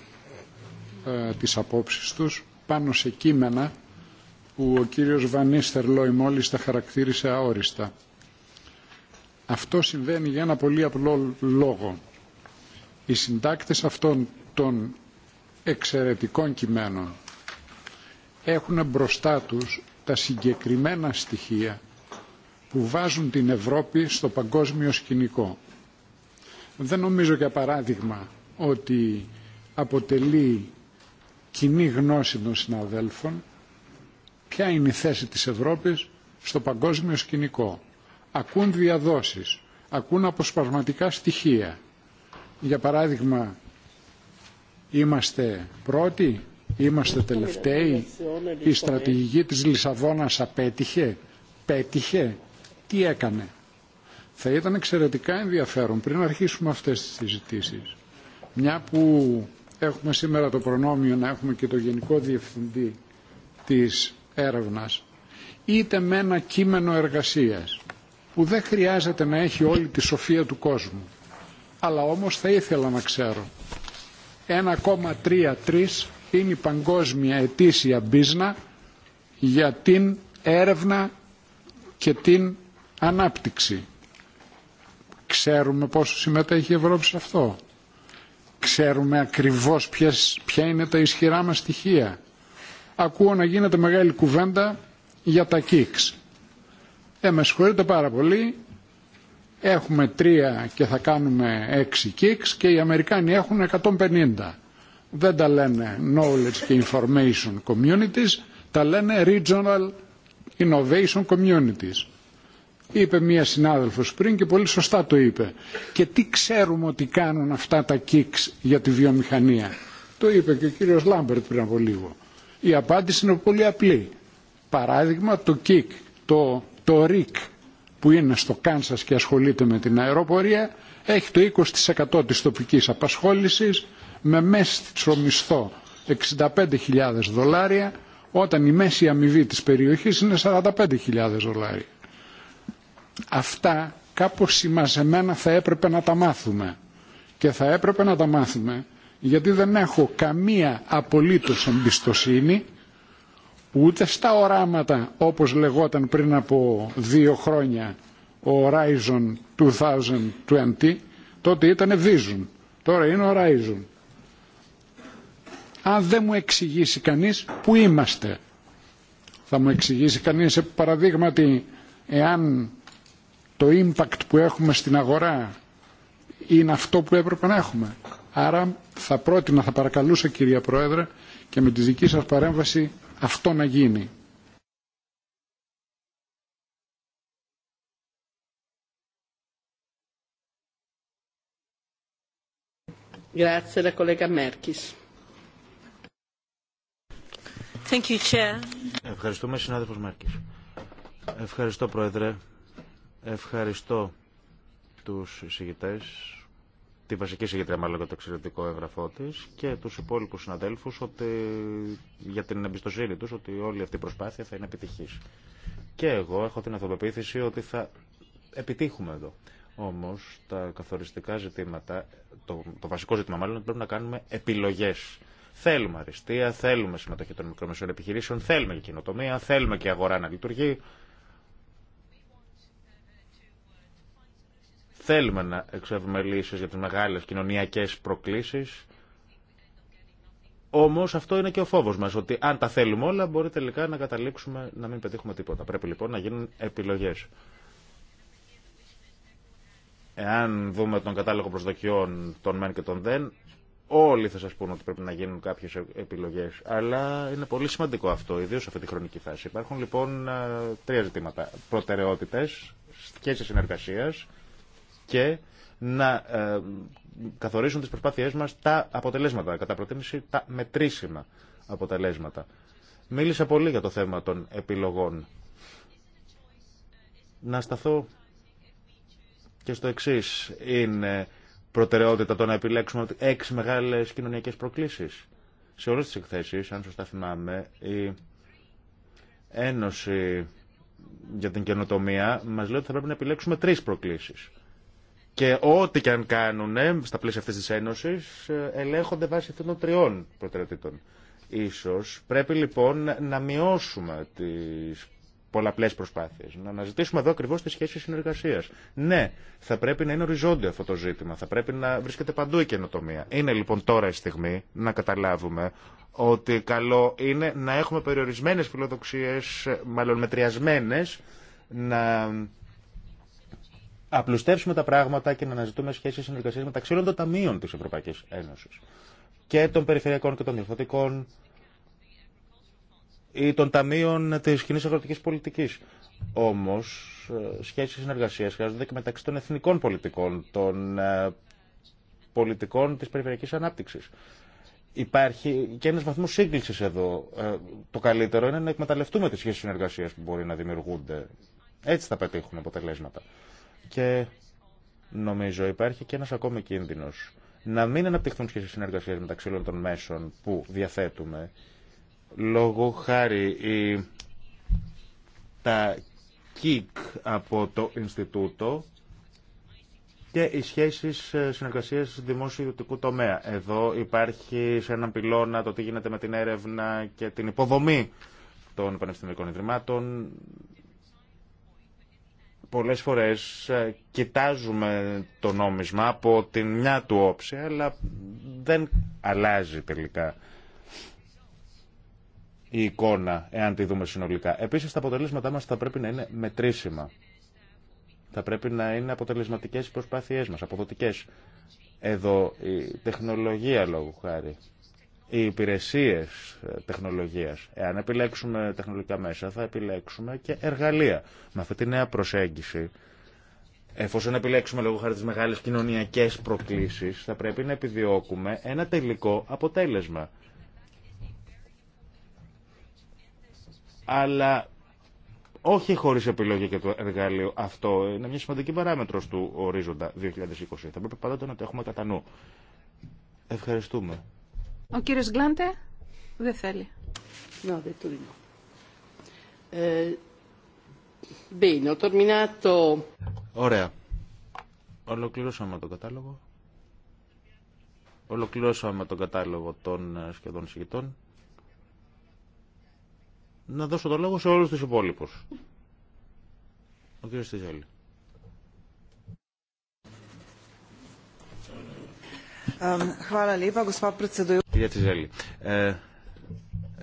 ε, τις απόψεις τους πάνω σε κείμενα που ο κύριος Βανίστερ Λόι μόλις τα χαρακτήρισε αόριστα. Αυτό συμβαίνει για ένα πολύ απλό λόγο. Οι συντάκτες αυτών των εξαιρετικών κειμένων έχουν μπροστά τους τα συγκεκριμένα στοιχεία που βάζουν την Ευρώπη στο παγκόσμιο σκηνικό. Δεν νομίζω για παράδειγμα ότι αποτελεί κοινή γνώση των συναδέλφων ποια είναι η θέση της Ευρώπης στο παγκόσμιο σκηνικό. Ακούν διαδόσεις, ακούν αποσπασματικά στοιχεία. Για παράδειγμα, είμαστε πρώτοι, είμαστε τελευταίοι, η στρατηγική της Λισαβόνας απέτυχε, πέτυχε, τι έκανε. Θα ήταν εξαιρετικά ενδιαφέρον πριν αρχίσουμε αυτές τις συζητήσεις μια που έχουμε σήμερα το προνόμιο να έχουμε και το Γενικό Διευθυντή της έρευνας, είτε με ένα κείμενο εργασίας που δεν χρειάζεται να έχει όλη τη σοφία του κόσμου. Αλλά όμως θα ήθελα να ξέρω. 1,33 είναι η παγκόσμια ετήσια μπίζνα για την έρευνα και την ανάπτυξη. Ξέρουμε πόσο συμμετέχει η Ευρώπη σε αυτό ξέρουμε ακριβώς ποια είναι τα ισχυρά μας στοιχεία. Ακούω να γίνεται μεγάλη κουβέντα για τα κίξ. Ε, με συγχωρείτε πάρα πολύ, έχουμε τρία και θα κάνουμε έξι κίξ και οι Αμερικάνοι έχουν 150. Δεν τα λένε knowledge και information communities, τα λένε regional innovation communities είπε μία συνάδελφος πριν και πολύ σωστά το είπε. Και τι ξέρουμε ότι κάνουν αυτά τα κίξ για τη βιομηχανία. Το είπε και ο κύριος Λάμπερτ πριν από λίγο. Η απάντηση είναι πολύ απλή. Παράδειγμα το κικ, το, το ρικ που είναι στο Κάνσας και ασχολείται με την αεροπορία έχει το 20% της τοπικής απασχόλησης με μέσο μισθό 65.000 δολάρια όταν η μέση αμοιβή της περιοχής είναι 45.000 δολάρια αυτά κάπως συμμαζεμένα θα έπρεπε να τα μάθουμε. Και θα έπρεπε να τα μάθουμε γιατί δεν έχω καμία απολύτως εμπιστοσύνη ούτε στα οράματα όπως λεγόταν πριν από δύο χρόνια ο Horizon 2020 τότε ήταν Vision τώρα είναι Horizon αν δεν μου εξηγήσει κανείς που είμαστε θα μου εξηγήσει κανείς παραδείγματι εάν το impact που έχουμε στην αγορά είναι αυτό που έπρεπε να έχουμε. Άρα θα πρότεινα, θα παρακαλούσα κυρία Πρόεδρε και με τη δική σας παρέμβαση αυτό να γίνει. Thank you, Chair. Ευχαριστούμε, συνάδελφος Μέρκης. Ευχαριστώ, Πρόεδρε. Ευχαριστώ τους εισηγητές, τη βασική εισηγητρία μάλλον για το εξαιρετικό έγγραφό τη και τους υπόλοιπους συναδέλφους ότι, για την εμπιστοσύνη τους ότι όλη αυτή η προσπάθεια θα είναι επιτυχής. Και εγώ έχω την αυτοπεποίθηση ότι θα επιτύχουμε εδώ. Όμως τα καθοριστικά ζητήματα, το, το βασικό ζήτημα μάλλον, είναι ότι πρέπει να κάνουμε επιλογές. Θέλουμε αριστεία, θέλουμε συμμετοχή των μικρομεσαίων επιχειρήσεων, θέλουμε και κοινοτομία, θέλουμε και αγορά να λειτουργεί, Θέλουμε να εξεύρουμε λύσει για τι μεγάλε κοινωνιακές προκλήσει. Όμω αυτό είναι και ο φόβο μα, ότι αν τα θέλουμε όλα, μπορεί τελικά να καταλήξουμε να μην πετύχουμε τίποτα. Πρέπει λοιπόν να γίνουν επιλογέ. Εάν δούμε τον κατάλογο προσδοκιών των μεν και των δεν, όλοι θα σα πούν ότι πρέπει να γίνουν κάποιε επιλογέ. Αλλά είναι πολύ σημαντικό αυτό, ιδίω σε αυτή τη χρονική φάση. Υπάρχουν λοιπόν ε, τρία ζητήματα. Προτεραιότητε, σχέσει συνεργασία και να ε, καθορίσουν τις προσπάθειές μας τα αποτελέσματα, κατά προτίμηση τα μετρήσιμα αποτελέσματα. Μίλησα πολύ για το θέμα των επιλογών. Να σταθώ και στο εξής. είναι προτεραιότητα το να επιλέξουμε έξι μεγάλες κοινωνιακές προκλήσεις. Σε όλες τις εκθέσεις, αν σωστά θυμάμαι, η Ένωση για την Καινοτομία μας λέει ότι θα πρέπει να επιλέξουμε τρεις προκλήσεις. Και ό,τι και αν κάνουν ε, στα πλαίσια αυτής της Ένωσης ε, ελέγχονται βάσει αυτών των τριών προτεραιοτήτων. Ίσως πρέπει λοιπόν να μειώσουμε τι πολλαπλές προσπάθειε, να αναζητήσουμε εδώ ακριβώ τη σχέση συνεργασία. Ναι, θα πρέπει να είναι οριζόντιο αυτό το ζήτημα, θα πρέπει να βρίσκεται παντού η καινοτομία. Είναι λοιπόν τώρα η στιγμή να καταλάβουμε ότι καλό είναι να έχουμε περιορισμένε φιλοδοξίε, μάλλον μετριασμένε, να απλουστεύσουμε τα πράγματα και να αναζητούμε σχέσει συνεργασία μεταξύ όλων των ταμείων τη Ευρωπαϊκή Ένωση και των περιφερειακών και των διορθωτικών ή των ταμείων τη κοινή αγροτική πολιτική. Όμω, ε, σχέσει συνεργασία χρειάζονται και μεταξύ των εθνικών πολιτικών, των ε, πολιτικών τη περιφερειακή ανάπτυξη. Υπάρχει και ένα βαθμό σύγκληση εδώ. Ε, το καλύτερο είναι να εκμεταλλευτούμε τι σχέσει συνεργασία που μπορεί να δημιουργούνται. Έτσι θα πετύχουμε αποτελέσματα. Και νομίζω υπάρχει και ένας ακόμη κίνδυνος να μην αναπτυχθούν σχέσεις συνεργασίας μεταξύ όλων των μέσων που διαθέτουμε λόγω χάρη τα ΚΙΚ από το Ινστιτούτο και οι σχέσεις ε, δημόσιου δημόσιο-ιδιωτικού τομέα. Εδώ υπάρχει σε έναν πυλώνα το τι γίνεται με την έρευνα και την υποδομή των πανεπιστημιακών ιδρυμάτων πολλές φορές ε, κοιτάζουμε το νόμισμα από την μια του όψη, αλλά δεν αλλάζει τελικά η εικόνα, εάν τη δούμε συνολικά. Επίσης, τα αποτελέσματά μας θα πρέπει να είναι μετρήσιμα. Θα πρέπει να είναι αποτελεσματικές οι προσπάθειές μας, αποδοτικές. Εδώ η τεχνολογία, λόγου χάρη, οι υπηρεσίες ε, τεχνολογίας. Εάν επιλέξουμε τεχνολογικά μέσα θα επιλέξουμε και εργαλεία. Με αυτή τη νέα προσέγγιση, εφόσον επιλέξουμε λόγω χάρη τις μεγάλες κοινωνιακές προκλήσεις, θα πρέπει να επιδιώκουμε ένα τελικό αποτέλεσμα. Αλλά όχι χωρίς επιλογή και το εργαλείο αυτό. Είναι μια σημαντική παράμετρος του ορίζοντα 2020. Θα πρέπει πάντα να το έχουμε κατά νου. Ευχαριστούμε. Ο κύριος Γκλάντε δεν θέλει. No, δεν το Ωραία. Ολοκληρώσαμε τον κατάλογο. Ολοκληρώσαμε τον κατάλογο των ε, σχεδόν συγκητών. Να δώσω το λόγο σε όλους τους υπόλοιπους. Ο κύριος Τιζέλη. Ε,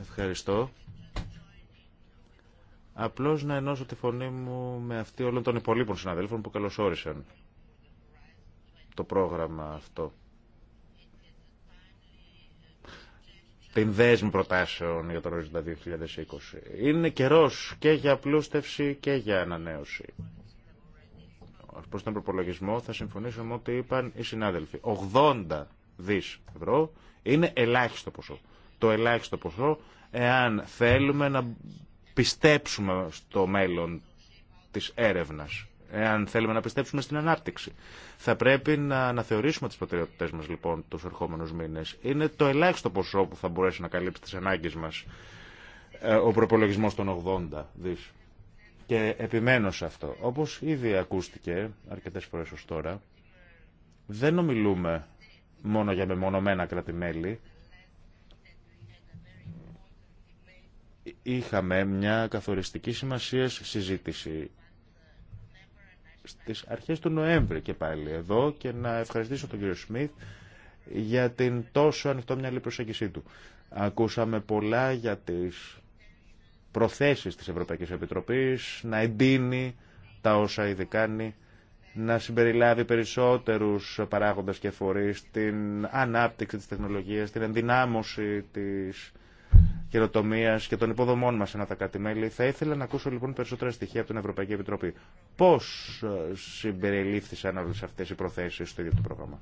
ευχαριστώ. Απλώς να ενώσω τη φωνή μου με αυτή όλων των υπολείπων συναδέλφων που καλωσόρισαν το πρόγραμμα αυτό. την δέσμη προτάσεων για το ορίζοντα 2020. Είναι καιρός και για απλούστευση και για ανανέωση. Προ προς τον προπολογισμό θα συμφωνήσω με ό,τι είπαν οι συνάδελφοι. 80 δις ευρώ είναι ελάχιστο ποσό. Το ελάχιστο ποσό εάν θέλουμε να πιστέψουμε στο μέλλον της έρευνας εάν θέλουμε να πιστέψουμε στην ανάπτυξη. Θα πρέπει να αναθεωρήσουμε τις προτεραιότητέ μα λοιπόν του ερχόμενου μήνε. Είναι το ελάχιστο ποσό που θα μπορέσει να καλύψει τι ανάγκε μα ε, ο προπολογισμό των 80 δι. Και επιμένω σε αυτό. Όπως ήδη ακούστηκε αρκετές φορές ως τώρα, δεν ομιλούμε μόνο για μεμονωμένα κρατημέλη. Είχαμε μια καθοριστική σημασία συζήτηση στις αρχές του Νοέμβρη και πάλι εδώ και να ευχαριστήσω τον κύριο Σμιθ για την τόσο ανοιχτόμυαλη προσέγγιση του. Ακούσαμε πολλά για τις προθέσεις της Ευρωπαϊκής Επιτροπής, να εντείνει τα όσα ήδη κάνει, να συμπεριλάβει περισσότερους παράγοντες και φορείς στην ανάπτυξη της τεχνολογίας, την ενδυνάμωση της καινοτομία και των υποδομών μα ένα τα κάτι μελη Θα ήθελα να ακούσω λοιπόν περισσότερα στοιχεία από την Ευρωπαϊκή Επιτροπή. Πώς ε, συμπεριλήφθησαν όλε αυτέ οι προθέσεις στο ίδιο το πρόγραμμα.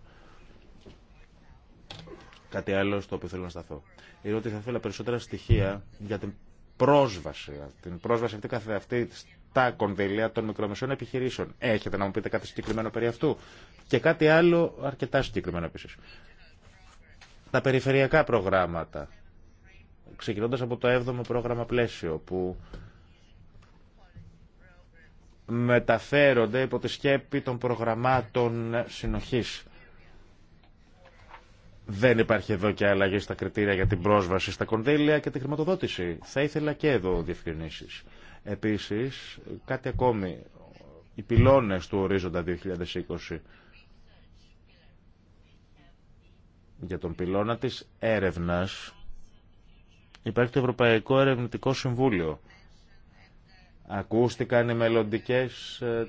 Κάτι άλλο στο οποίο θέλω να σταθώ. Είναι θα ήθελα περισσότερα στοιχεία για την πρόσβαση, την πρόσβαση αυτή αυτή στα κονδύλια των μικρομεσαίων επιχειρήσεων. Έχετε να μου πείτε κάτι συγκεκριμένο περί αυτού και κάτι άλλο αρκετά συγκεκριμένο επίση. Τα περιφερειακά προγράμματα, ξεκινώντας από το 7ο πρόγραμμα πλαίσιο που μεταφέρονται υπό τη σκέπη των προγραμμάτων συνοχής δεν υπάρχει εδώ και αλλαγή στα κριτήρια για την πρόσβαση στα κονδύλια και τη χρηματοδότηση. Θα ήθελα και εδώ διευκρινήσει. Επίση, κάτι ακόμη. Οι πυλώνε του ορίζοντα 2020. Για τον πυλώνα της έρευνας υπάρχει το Ευρωπαϊκό Ερευνητικό Συμβούλιο. Ακούστηκαν οι μελλοντικέ ε,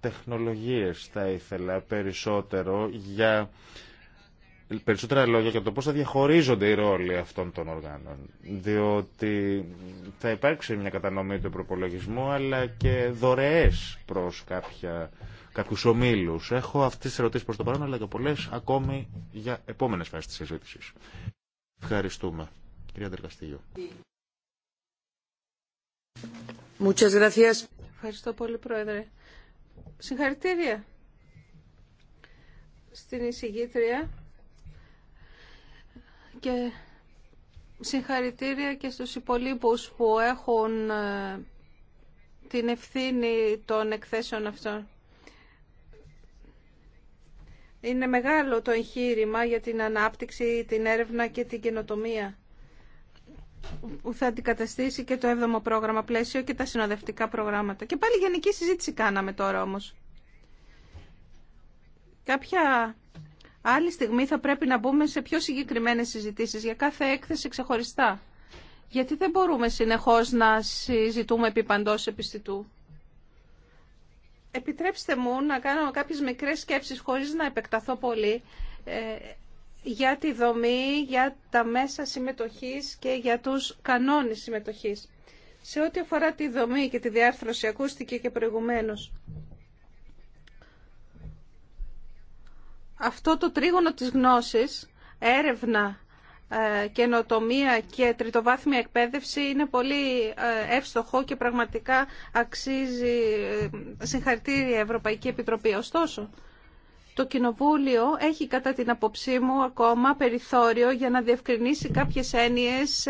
τεχνολογίες, θα ήθελα, περισσότερο για περισσότερα λόγια για το πώς θα διαχωρίζονται οι ρόλοι αυτών των οργάνων. Διότι θα υπάρξει μια κατανομή του προπολογισμού, αλλά και δωρεές προς κάποια, κάποιους ομίλους. Έχω αυτές τις ερωτήσεις προς το παρόν, αλλά και πολλές ακόμη για επόμενες φάσεις της συζήτηση. Ευχαριστούμε. Κυρία Τερκαστήγιο. Ευχαριστώ πολύ, Πρόεδρε. Συγχαρητήρια στην εισηγήτρια και συγχαρητήρια και στους υπολείπους που έχουν ε, την ευθύνη των εκθέσεων αυτών. Είναι μεγάλο το εγχείρημα για την ανάπτυξη, την έρευνα και την καινοτομία που θα αντικαταστήσει και το 7ο πρόγραμμα πλαίσιο και τα συνοδευτικά προγράμματα. Και πάλι γενική συζήτηση κάναμε τώρα όμως. Κάποια Άλλη στιγμή θα πρέπει να μπούμε σε πιο συγκεκριμένε συζητήσει για κάθε έκθεση ξεχωριστά. Γιατί δεν μπορούμε συνεχώ να συζητούμε επί παντό επιστητού. Επιτρέψτε μου να κάνω κάποιε μικρέ σκέψει, χωρί να επεκταθώ πολύ ε, για τη δομή, για τα μέσα συμμετοχής και για τους κανόνες συμμετοχής. Σε ό,τι αφορά τη δομή και τη διάρθρωση, ακούστηκε και προηγουμένως. αυτό το τρίγωνο της γνώσης, έρευνα, ε, καινοτομία και τριτοβάθμια εκπαίδευση είναι πολύ ε, εύστοχο και πραγματικά αξίζει ε, συγχαρητήρια η Ευρωπαϊκή Επιτροπή. Ωστόσο, το Κοινοβούλιο έχει κατά την απόψή μου ακόμα περιθώριο για να διευκρινίσει κάποιες έννοιες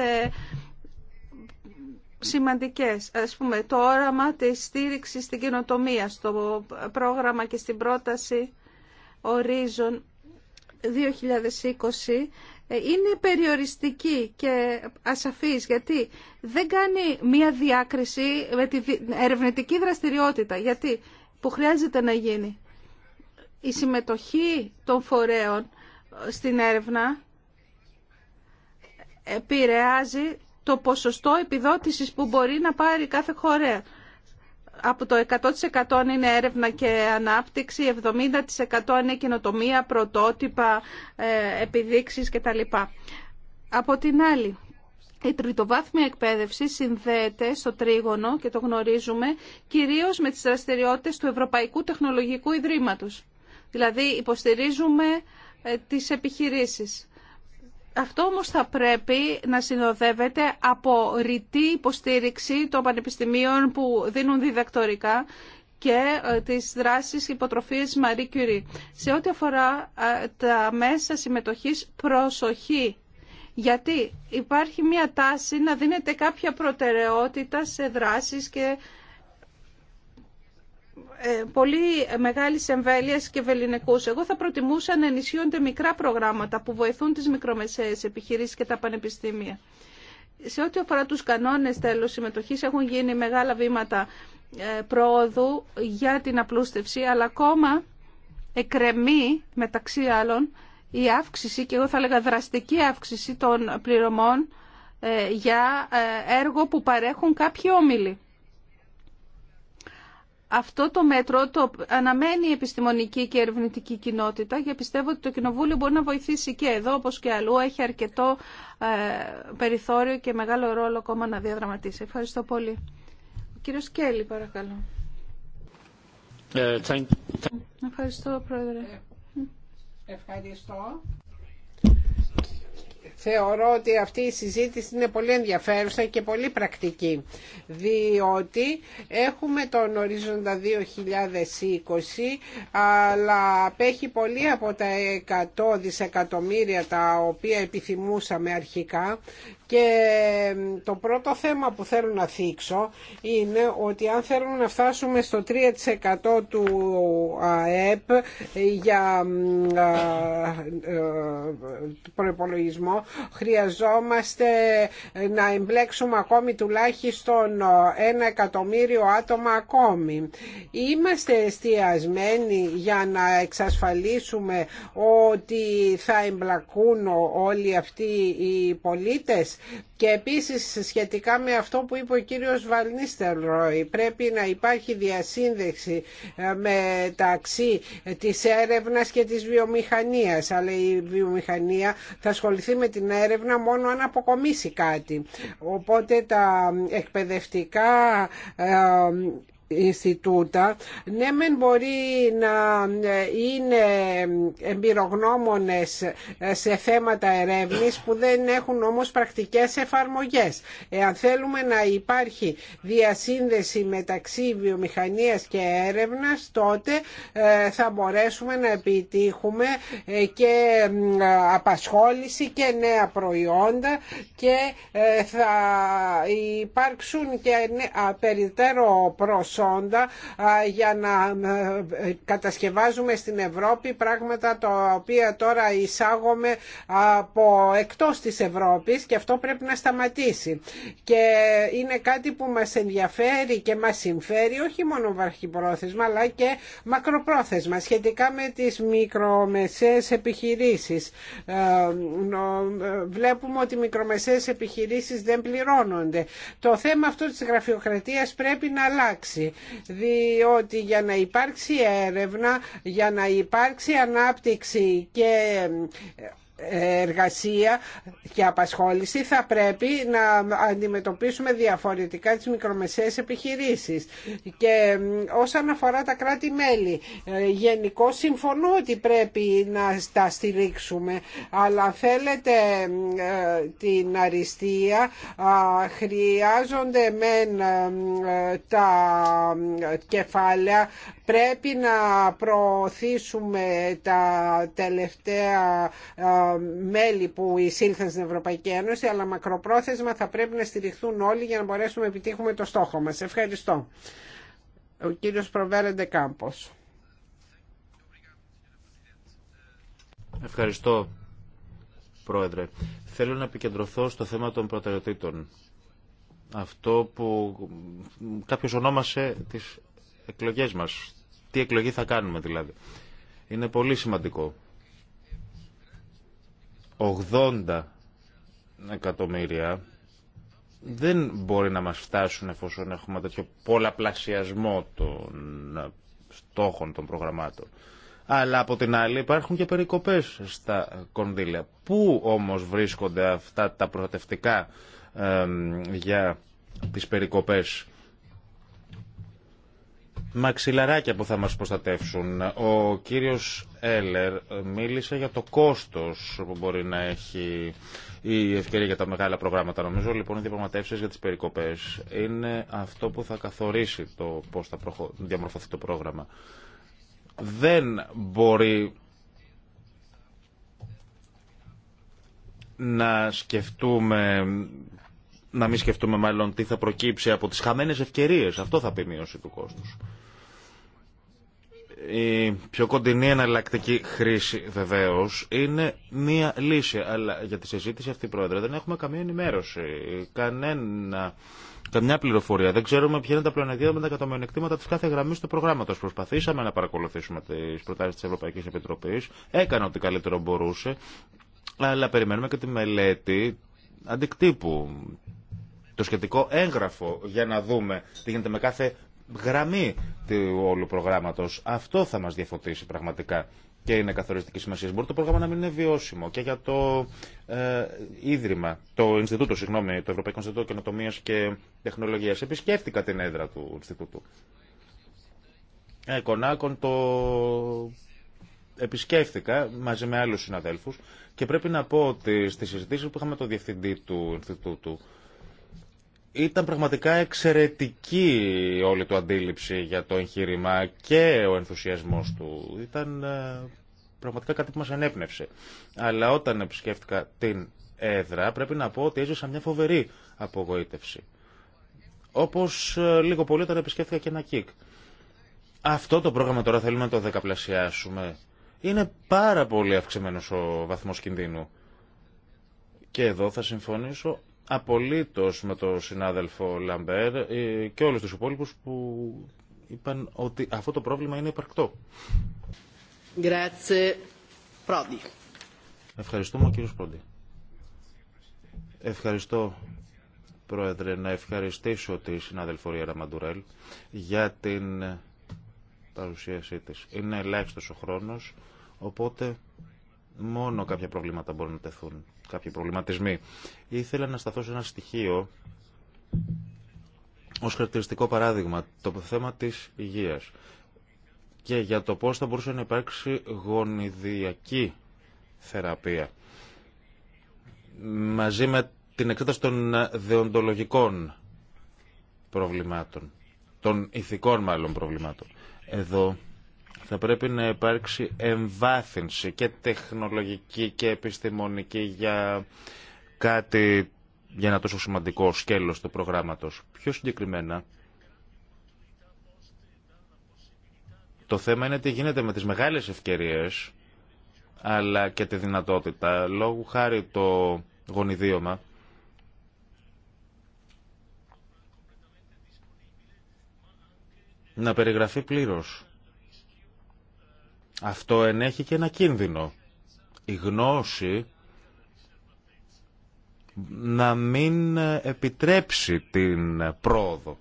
σημαντικές. Ας πούμε, το όραμα της στήριξης στην καινοτομία, στο πρόγραμμα και στην πρόταση ορίζον 2020 ε, είναι περιοριστική και ασαφής γιατί δεν κάνει μία διάκριση με την ερευνητική δραστηριότητα γιατί που χρειάζεται να γίνει η συμμετοχή των φορέων ε, στην έρευνα επηρεάζει το ποσοστό επιδότησης που μπορεί να πάρει κάθε χωρέα από το 100% είναι έρευνα και ανάπτυξη, 70% είναι καινοτομία, πρωτότυπα, ε, επιδείξεις κτλ. Από την άλλη, η τριτοβάθμια εκπαίδευση συνδέεται στο τρίγωνο και το γνωρίζουμε κυρίως με τις δραστηριότητες του Ευρωπαϊκού Τεχνολογικού Ιδρύματος. Δηλαδή υποστηρίζουμε ε, τις επιχειρήσεις. Αυτό όμως θα πρέπει να συνοδεύεται από ρητή υποστήριξη των πανεπιστημίων που δίνουν διδακτορικά και ε, τις δράσεις υποτροφής Marie Curie. Σε ό,τι αφορά ε, τα μέσα συμμετοχής, προσοχή. Γιατί υπάρχει μια τάση να δίνεται κάποια προτεραιότητα σε δράσεις και ε, πολύ μεγάλη εμβέλεια και βεληνικού. Εγώ θα προτιμούσα να ενισχύονται μικρά προγράμματα που βοηθούν τις μικρομεσαίες επιχειρήσεις και τα πανεπιστήμια. Σε ό,τι αφορά τους κανόνες τέλο συμμετοχή, έχουν γίνει μεγάλα βήματα ε, προόδου για την απλούστευση, αλλά ακόμα εκρεμεί μεταξύ άλλων η αύξηση και εγώ θα έλεγα δραστική αύξηση των πληρωμών ε, για έργο που παρέχουν κάποιοι όμιλοι αυτό το μέτρο το αναμένει η επιστημονική και ερευνητική κοινότητα και πιστεύω ότι το Κοινοβούλιο μπορεί να βοηθήσει και εδώ όπως και αλλού. Έχει αρκετό ε, περιθώριο και μεγάλο ρόλο ακόμα να διαδραματίσει. Ευχαριστώ πολύ. Ο κύριος Κέλλη παρακαλώ. Ε, ευχαριστώ πρόεδρε. Ε, ευχαριστώ. Θεωρώ ότι αυτή η συζήτηση είναι πολύ ενδιαφέρουσα και πολύ πρακτική, διότι έχουμε τον ορίζοντα 2020, αλλά απέχει πολύ από τα 100 δισεκατομμύρια τα οποία επιθυμούσαμε αρχικά και το πρώτο θέμα που θέλω να θίξω είναι ότι αν θέλουμε να φτάσουμε στο 3% του ΑΕΠ για ε, προπολογισμό, χρειαζόμαστε να εμπλέξουμε ακόμη τουλάχιστον ένα εκατομμύριο άτομα ακόμη. Είμαστε εστιασμένοι για να εξασφαλίσουμε ότι θα εμπλακούν όλοι αυτοί οι πολίτες και επίσης σχετικά με αυτό που είπε ο κύριος Βαλνίστερ Ρόι, πρέπει να υπάρχει διασύνδεξη ε, μεταξύ της έρευνας και της βιομηχανίας. Αλλά η βιομηχανία θα ασχοληθεί με την έρευνα μόνο αν αποκομίσει κάτι. Οπότε τα εκπαιδευτικά ε, Ινστιτούτα, ναι μεν μπορεί να ε, είναι εμπειρογνώμονες ε, σε θέματα ερεύνης που δεν έχουν όμως πρακτικές εφαρμογές. Εάν θέλουμε να υπάρχει διασύνδεση μεταξύ βιομηχανίας και έρευνας, τότε ε, θα μπορέσουμε να επιτύχουμε και απασχόληση και νέα προϊόντα και θα υπάρξουν και περιττέρω προς για να ε, κατασκευάζουμε στην Ευρώπη πράγματα τα οποία τώρα εισάγουμε από εκτός της Ευρώπης και αυτό πρέπει να σταματήσει. Και είναι κάτι που μας ενδιαφέρει και μας συμφέρει όχι μόνο βαρχιπρόθεσμα αλλά και μακροπρόθεσμα σχετικά με τις μικρομεσαίες επιχειρήσεις. Ε, ε, βλέπουμε ότι οι μικρομεσαίες επιχειρήσεις δεν πληρώνονται. Το θέμα αυτό της γραφειοκρατίας πρέπει να αλλάξει διότι για να υπάρξει έρευνα, για να υπάρξει ανάπτυξη και εργασία και απασχόληση θα πρέπει να αντιμετωπίσουμε διαφορετικά τις μικρομεσαίες επιχειρήσεις και όσον αφορά τα κράτη-μέλη ε, γενικώ συμφωνώ ότι πρέπει να τα στηρίξουμε αλλά θέλετε ε, την αριστεία χρειάζονται μεν ε, τα κεφάλαια πρέπει να προωθήσουμε τα τελευταία μέλη που εισήλθαν στην Ευρωπαϊκή Ένωση, αλλά μακροπρόθεσμα θα πρέπει να στηριχθούν όλοι για να μπορέσουμε να επιτύχουμε το στόχο μας. Ευχαριστώ. Ο κύριος Προβέρεντε Κάμπος. Ευχαριστώ, Πρόεδρε. Θέλω να επικεντρωθώ στο θέμα των προτεραιοτήτων. Αυτό που κάποιος ονόμασε τις εκλογές μας. Τι εκλογή θα κάνουμε δηλαδή. Είναι πολύ σημαντικό 80 εκατομμύρια δεν μπορεί να μας φτάσουν εφόσον έχουμε τέτοιο πολλαπλασιασμό των στόχων των προγραμμάτων. Αλλά από την άλλη υπάρχουν και περικοπές στα κονδύλια. Πού όμως βρίσκονται αυτά τα προστατευτικά για τις περικοπές μαξιλαράκια που θα μας προστατεύσουν. Ο κύριος Έλερ μίλησε για το κόστος που μπορεί να έχει η ευκαιρία για τα μεγάλα προγράμματα. Νομίζω λοιπόν οι διαπραγματεύσεις για τις περικοπές είναι αυτό που θα καθορίσει το πώς θα διαμορφωθεί το πρόγραμμα. Δεν μπορεί να σκεφτούμε να μην σκεφτούμε μάλλον τι θα προκύψει από τις χαμένες ευκαιρίες. Αυτό θα πει μείωση του κόστους. Η πιο κοντινή εναλλακτική χρήση βεβαίω είναι μία λύση. Αλλά για τη συζήτηση αυτή, Πρόεδρε, δεν έχουμε καμία ενημέρωση. Κανένα, καμιά πληροφορία. Δεν ξέρουμε ποια είναι τα πλεονεκτήματα με τα καταμεονεκτήματα τη κάθε γραμμή του προγράμματο. Προσπαθήσαμε να παρακολουθήσουμε τι προτάσει τη Ευρωπαϊκή Επιτροπή. Έκανα ό,τι καλύτερο μπορούσε. Αλλά περιμένουμε και τη μελέτη αντικτύπου το σχετικό έγγραφο για να δούμε τι γίνεται με κάθε γραμμή του όλου προγράμματο. Αυτό θα μα διαφωτίσει πραγματικά και είναι καθοριστική σημασία. Μπορεί το πρόγραμμα να μην είναι βιώσιμο και για το ε, ίδρυμα, το Ινστιτούτο, συγγνώμη, το Ευρωπαϊκό Ινστιτούτο Καινοτομία και Τεχνολογία. Επισκέφτηκα την έδρα του Ινστιτούτου. Ε, κονάκον το επισκέφτηκα μαζί με άλλους συναδέλφους και πρέπει να πω ότι στις συζητήσεις που είχαμε το διευθυντή του Ινστιτούτου ήταν πραγματικά εξαιρετική όλη του αντίληψη για το εγχείρημα και ο ενθουσιασμός του. Ήταν ε, πραγματικά κάτι που μας ενέπνευσε. Αλλά όταν επισκέφτηκα την έδρα πρέπει να πω ότι έζησα μια φοβερή απογοήτευση. Όπως ε, λίγο πολύ όταν επισκέφτηκα και ένα κικ. Αυτό το πρόγραμμα τώρα θέλουμε να το δεκαπλασιάσουμε. Είναι πάρα πολύ αυξημένος ο βαθμός κινδύνου. Και εδώ θα συμφωνήσω απολύτως με τον συνάδελφο Λαμπέρ ε, και όλους τους υπόλοιπους που είπαν ότι αυτό το πρόβλημα είναι υπαρκτό. Ευχαριστούμε κύριο Πρόντι. Ευχαριστώ Πρόεδρε να ευχαριστήσω τη συνάδελφο Ριέρα Μαντουρέλ για την παρουσίασή της. Είναι ελάχιστος ο χρόνος, οπότε μόνο κάποια προβλήματα μπορούν να τεθούν κάποιοι προβληματισμοί. Ήθελα να σταθώ σε ένα στοιχείο ως χαρακτηριστικό παράδειγμα, το θέμα της υγείας και για το πώς θα μπορούσε να υπάρξει γονιδιακή θεραπεία μαζί με την εξέταση των δεοντολογικών προβλημάτων, των ηθικών μάλλον προβλημάτων. Εδώ θα πρέπει να υπάρξει εμβάθυνση και τεχνολογική και επιστημονική για κάτι για ένα τόσο σημαντικό σκέλος του προγράμματος. Πιο συγκεκριμένα, το θέμα είναι τι γίνεται με τις μεγάλες ευκαιρίες, αλλά και τη δυνατότητα, λόγου χάρη το γονιδίωμα, να περιγραφεί πλήρως αυτό ενέχει και ένα κίνδυνο. Η γνώση να μην επιτρέψει την πρόοδο.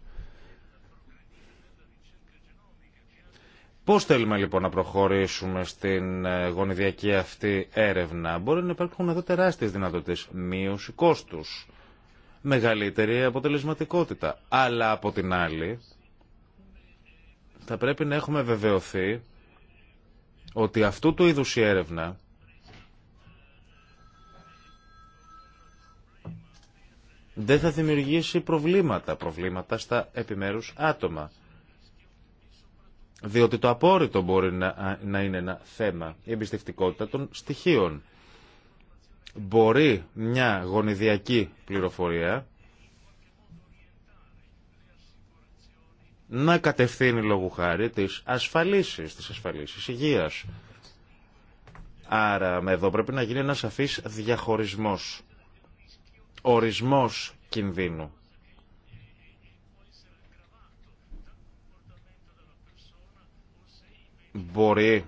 Πώς θέλουμε λοιπόν να προχωρήσουμε στην ε, γονιδιακή αυτή έρευνα. Μπορεί να υπάρχουν εδώ τεράστιες δυνατότητες μείωση κόστους, μεγαλύτερη αποτελεσματικότητα. Αλλά από την άλλη θα πρέπει να έχουμε βεβαιωθεί ότι αυτού του είδους η έρευνα δεν θα δημιουργήσει προβλήματα, προβλήματα στα επιμέρους άτομα. Διότι το απόρριτο μπορεί να, να είναι ένα θέμα, η εμπιστευτικότητα των στοιχείων. Μπορεί μια γονιδιακή πληροφορία να κατευθύνει λόγου χάρη τις ασφαλίσεις, τις ασφαλίσεις υγείας. Άρα με εδώ πρέπει να γίνει ένας σαφής διαχωρισμός, ορισμός κινδύνου. Μπορεί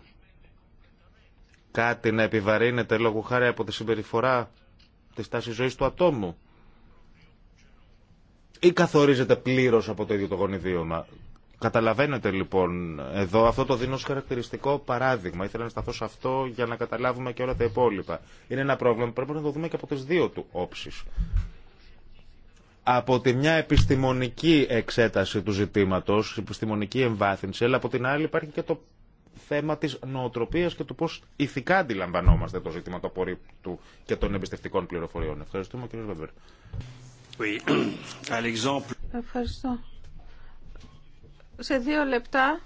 κάτι να επιβαρύνεται λόγου χάρη από τη συμπεριφορά της τάσης ζωής του ατόμου ή καθορίζεται πλήρως από το ίδιο το γονιδίωμα. Καταλαβαίνετε λοιπόν εδώ αυτό το δίνω χαρακτηριστικό παράδειγμα. Ήθελα να σταθώ σε αυτό για να καταλάβουμε και όλα τα υπόλοιπα. Είναι ένα πρόβλημα που πρέπει να το δούμε και από τις δύο του όψεις. Από τη μια επιστημονική εξέταση του ζητήματος, επιστημονική εμβάθυνση, αλλά από την άλλη υπάρχει και το θέμα της νοοτροπίας και του πώς ηθικά αντιλαμβανόμαστε το ζήτημα του απορρίπτου και των εμπιστευτικών πληροφοριών. Ευχαριστούμε κύριε Βεβέρ. Ευχαριστώ. Σε δύο λεπτά,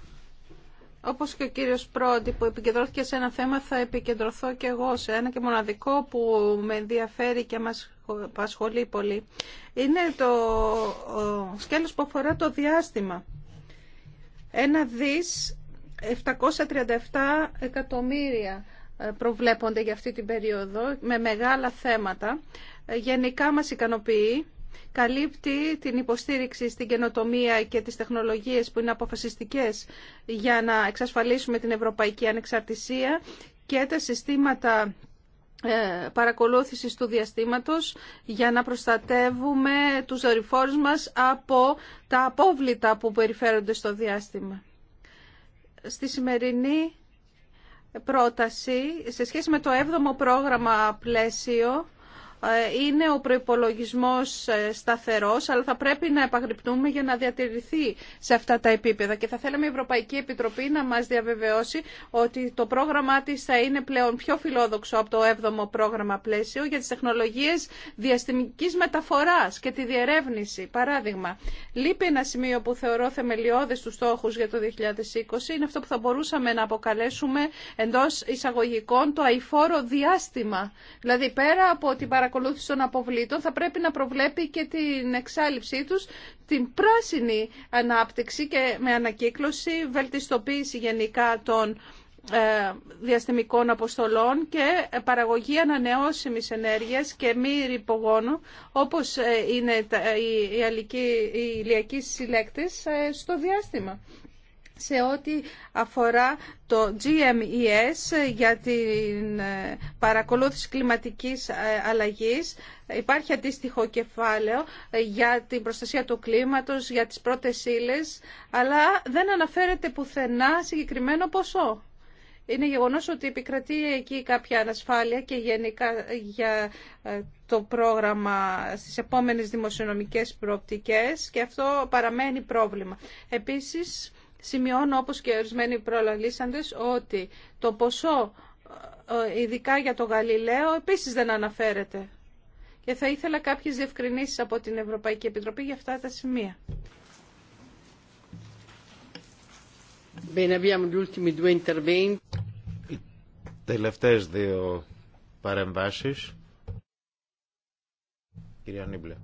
όπως και ο κύριος Πρόντι που επικεντρώθηκε σε ένα θέμα, θα επικεντρωθώ και εγώ σε ένα και μοναδικό που με ενδιαφέρει και μας απασχολεί πολύ. Είναι το σκέλος που αφορά το διάστημα. Ένα δις 737 εκατομμύρια ε, προβλέπονται για αυτή την περίοδο με μεγάλα θέματα. Ε, γενικά μας ικανοποιεί καλύπτει την υποστήριξη στην καινοτομία και τις τεχνολογίες που είναι αποφασιστικές για να εξασφαλίσουμε την ευρωπαϊκή ανεξαρτησία και τα συστήματα ε, παρακολούθησης του διαστήματος για να προστατεύουμε τους δορυφόρους μας από τα απόβλητα που περιφέρονται στο διάστημα. Στη σημερινή πρόταση, σε σχέση με το 7ο πρόγραμμα πλαίσιο, ε, είναι ο προϋπολογισμός ε, σταθερός, αλλά θα πρέπει να επαγρυπτούμε για να διατηρηθεί σε αυτά τα επίπεδα. Και θα θέλαμε η Ευρωπαϊκή Επιτροπή να μας διαβεβαιώσει ότι το πρόγραμμά της θα είναι πλέον πιο φιλόδοξο από το 7ο πρόγραμμα πλαίσιο για τις τεχνολογίες διαστημικής μεταφοράς και τη διερεύνηση. Παράδειγμα, λείπει ένα σημείο που θεωρώ θεμελιώδες στους στόχους για το 2020, είναι αυτό που θα μπορούσαμε να αποκαλέσουμε εντός εισαγωγικών το αηφόρο διάστημα. Δηλαδή πέρα από την παρακολούθηση των αποβλήτων θα πρέπει να προβλέπει και την εξάλληψή του, την πράσινη ανάπτυξη και με ανακύκλωση, βελτιστοποίηση γενικά των ε, διαστημικών αποστολών και παραγωγή ανανεώσιμης ενέργειας και μη ρηπογόνου όπως ε, είναι οι ηλιακοί συλλέκτες ε, στο διάστημα σε ό,τι αφορά το GMES για την ε, παρακολούθηση κλιματικής ε, αλλαγής. Υπάρχει αντίστοιχο κεφάλαιο ε, για την προστασία του κλίματος, για τις πρώτες ύλε, αλλά δεν αναφέρεται πουθενά συγκεκριμένο ποσό. Είναι γεγονός ότι επικρατεί εκεί κάποια ανασφάλεια και γενικά για το πρόγραμμα στις επόμενες δημοσιονομικές προοπτικές και αυτό παραμένει πρόβλημα. Επίσης, Σημειώνω, όπως και ορισμένοι προλαλήσαντες, ότι το ποσό ε, ε, ειδικά για το Γαλιλαίο επίσης δεν αναφέρεται. Και θα ήθελα κάποιες διευκρινήσεις από την Ευρωπαϊκή Επιτροπή για αυτά τα σημεία. Οι τελευταίες δύο παρεμβάσεις. Κυρία Νίμπλε.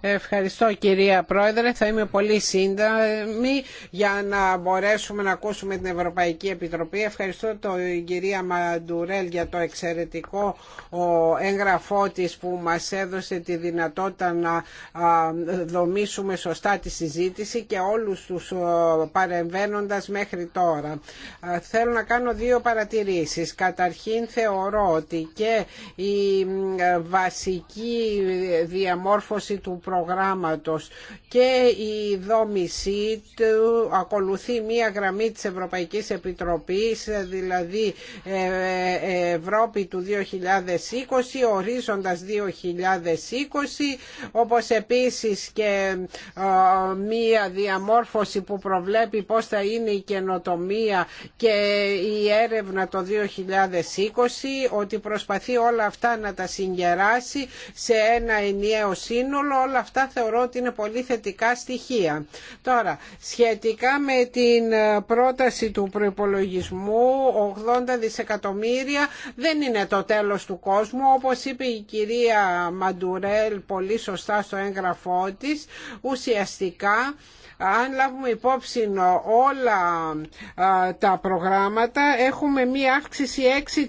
Ευχαριστώ κυρία Πρόεδρε. Θα είμαι πολύ σύντομη για να μπορέσουμε να ακούσουμε την Ευρωπαϊκή Επιτροπή. Ευχαριστώ την κυρία Μαντουρέλ για το εξαιρετικό έγγραφό της που μας έδωσε τη δυνατότητα να δομήσουμε σωστά τη συζήτηση και όλους τους παρεμβαίνοντας μέχρι τώρα. Θέλω να κάνω δύο παρατηρήσεις. Καταρχήν θεωρώ ότι και η βασική διαμόρφωση του προγράμματος και η δόμησή του ακολουθεί μία γραμμή της Ευρωπαϊκής Επιτροπής, δηλαδή ε, ε, Ευρώπη του 2020, ορίζοντας 2020, όπως επίσης και ε, μία διαμόρφωση που προβλέπει πώς θα είναι η καινοτομία και η έρευνα το 2020, ότι προσπαθεί όλα αυτά να τα συγκεράσει σε ένα ενιαίο σύνολο, αυτά θεωρώ ότι είναι πολύ θετικά στοιχεία. Τώρα, σχετικά με την ε, πρόταση του προϋπολογισμού, 80 δισεκατομμύρια δεν είναι το τέλος του κόσμου. Όπως είπε η κυρία Μαντουρέλ πολύ σωστά στο έγγραφό της, ουσιαστικά αν λάβουμε υπόψη όλα τα προγράμματα έχουμε μία αύξηση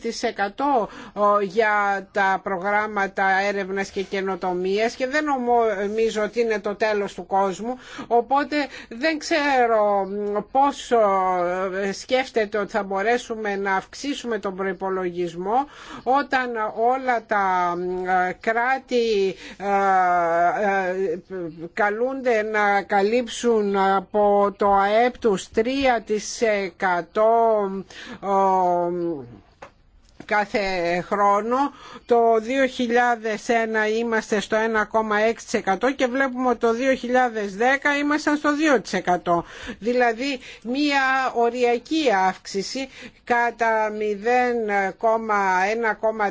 6% για τα προγράμματα έρευνας και καινοτομίας και δεν νομίζω ότι είναι το τέλος του κόσμου οπότε δεν ξέρω πόσο ε, σκέφτεται ότι θα μπορέσουμε να αυξήσουμε τον προϋπολογισμό όταν όλα τα ε, κράτη ε, καλούνται να καλύψουν από το ΑΕΠ τους 3% κάθε χρόνο. Το 2001 είμαστε στο 1,6% και βλέπουμε ότι το 2010 ήμασταν στο 2%. Δηλαδή μία οριακή αύξηση κατά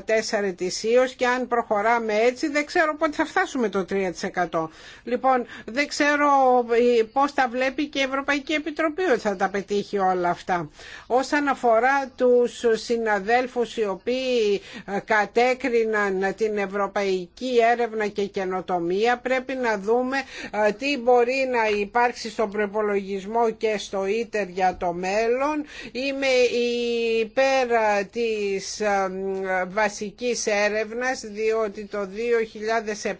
0,1,4 ίος και αν προχωράμε έτσι δεν ξέρω πότε θα φτάσουμε το 3%. Λοιπόν, δεν ξέρω ε, πώς τα βλέπει και η Ευρωπαϊκή Επιτροπή ότι θα τα πετύχει όλα αυτά. Όσον αφορά τους συναδέλφους οι οι οποίοι ε, κατέκριναν την ευρωπαϊκή έρευνα και καινοτομία πρέπει να δούμε ε, τι μπορεί να υπάρξει στον προπολογισμό και στο ίτερ για το μέλλον. Είμαι υπέρ ε, της βασικής έρευνας διότι το 2007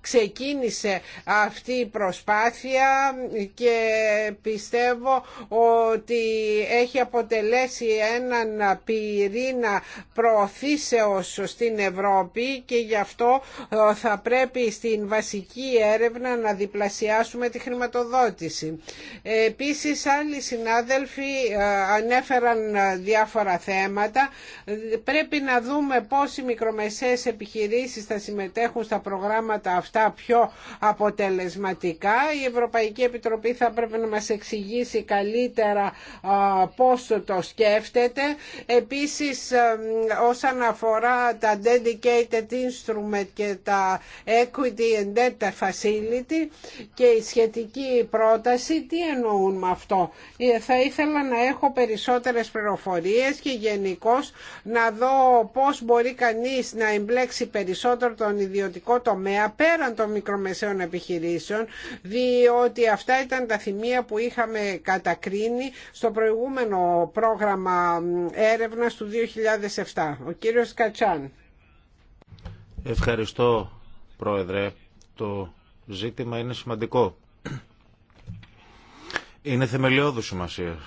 ξεκίνησε αυτή η προσπάθεια και πιστεύω ότι έχει αποτελέσει έναν πυρήνα προωθήσεως στην Ευρώπη και γι' αυτό ε, θα πρέπει στην βασική έρευνα να διπλασιάσουμε τη χρηματοδότηση. Επίσης άλλοι συνάδελφοι ε, ανέφεραν ε, διάφορα θέματα. Πρέπει να δούμε πώς οι μικρομεσαίες επιχειρήσεις θα συμμετέχουν στα προγράμματα αυτά πιο αποτελεσματικά. Η Ευρωπαϊκή Επιτροπή θα πρέπει να μας εξηγήσει καλύτερα πώς το σκέφτεται. Επίσης όσον αφορά τα dedicated instrument και τα equity and debt facility και η σχετική πρόταση, τι εννοούν με αυτό. Ε, θα ήθελα να έχω περισσότερες πληροφορίες και γενικώ να δω πώς μπορεί κανείς να εμπλέξει περισσότερο τον ιδιωτικό τομέα πέραν των μικρομεσαίων επιχειρήσεων, διότι αυτά ήταν τα θυμία που είχαμε κατακρίνει στο προηγούμενο πρόγραμμα έρευνας του ο κύριος Ευχαριστώ, Πρόεδρε. Το ζήτημα είναι σημαντικό. Είναι θεμελιώδου σημασία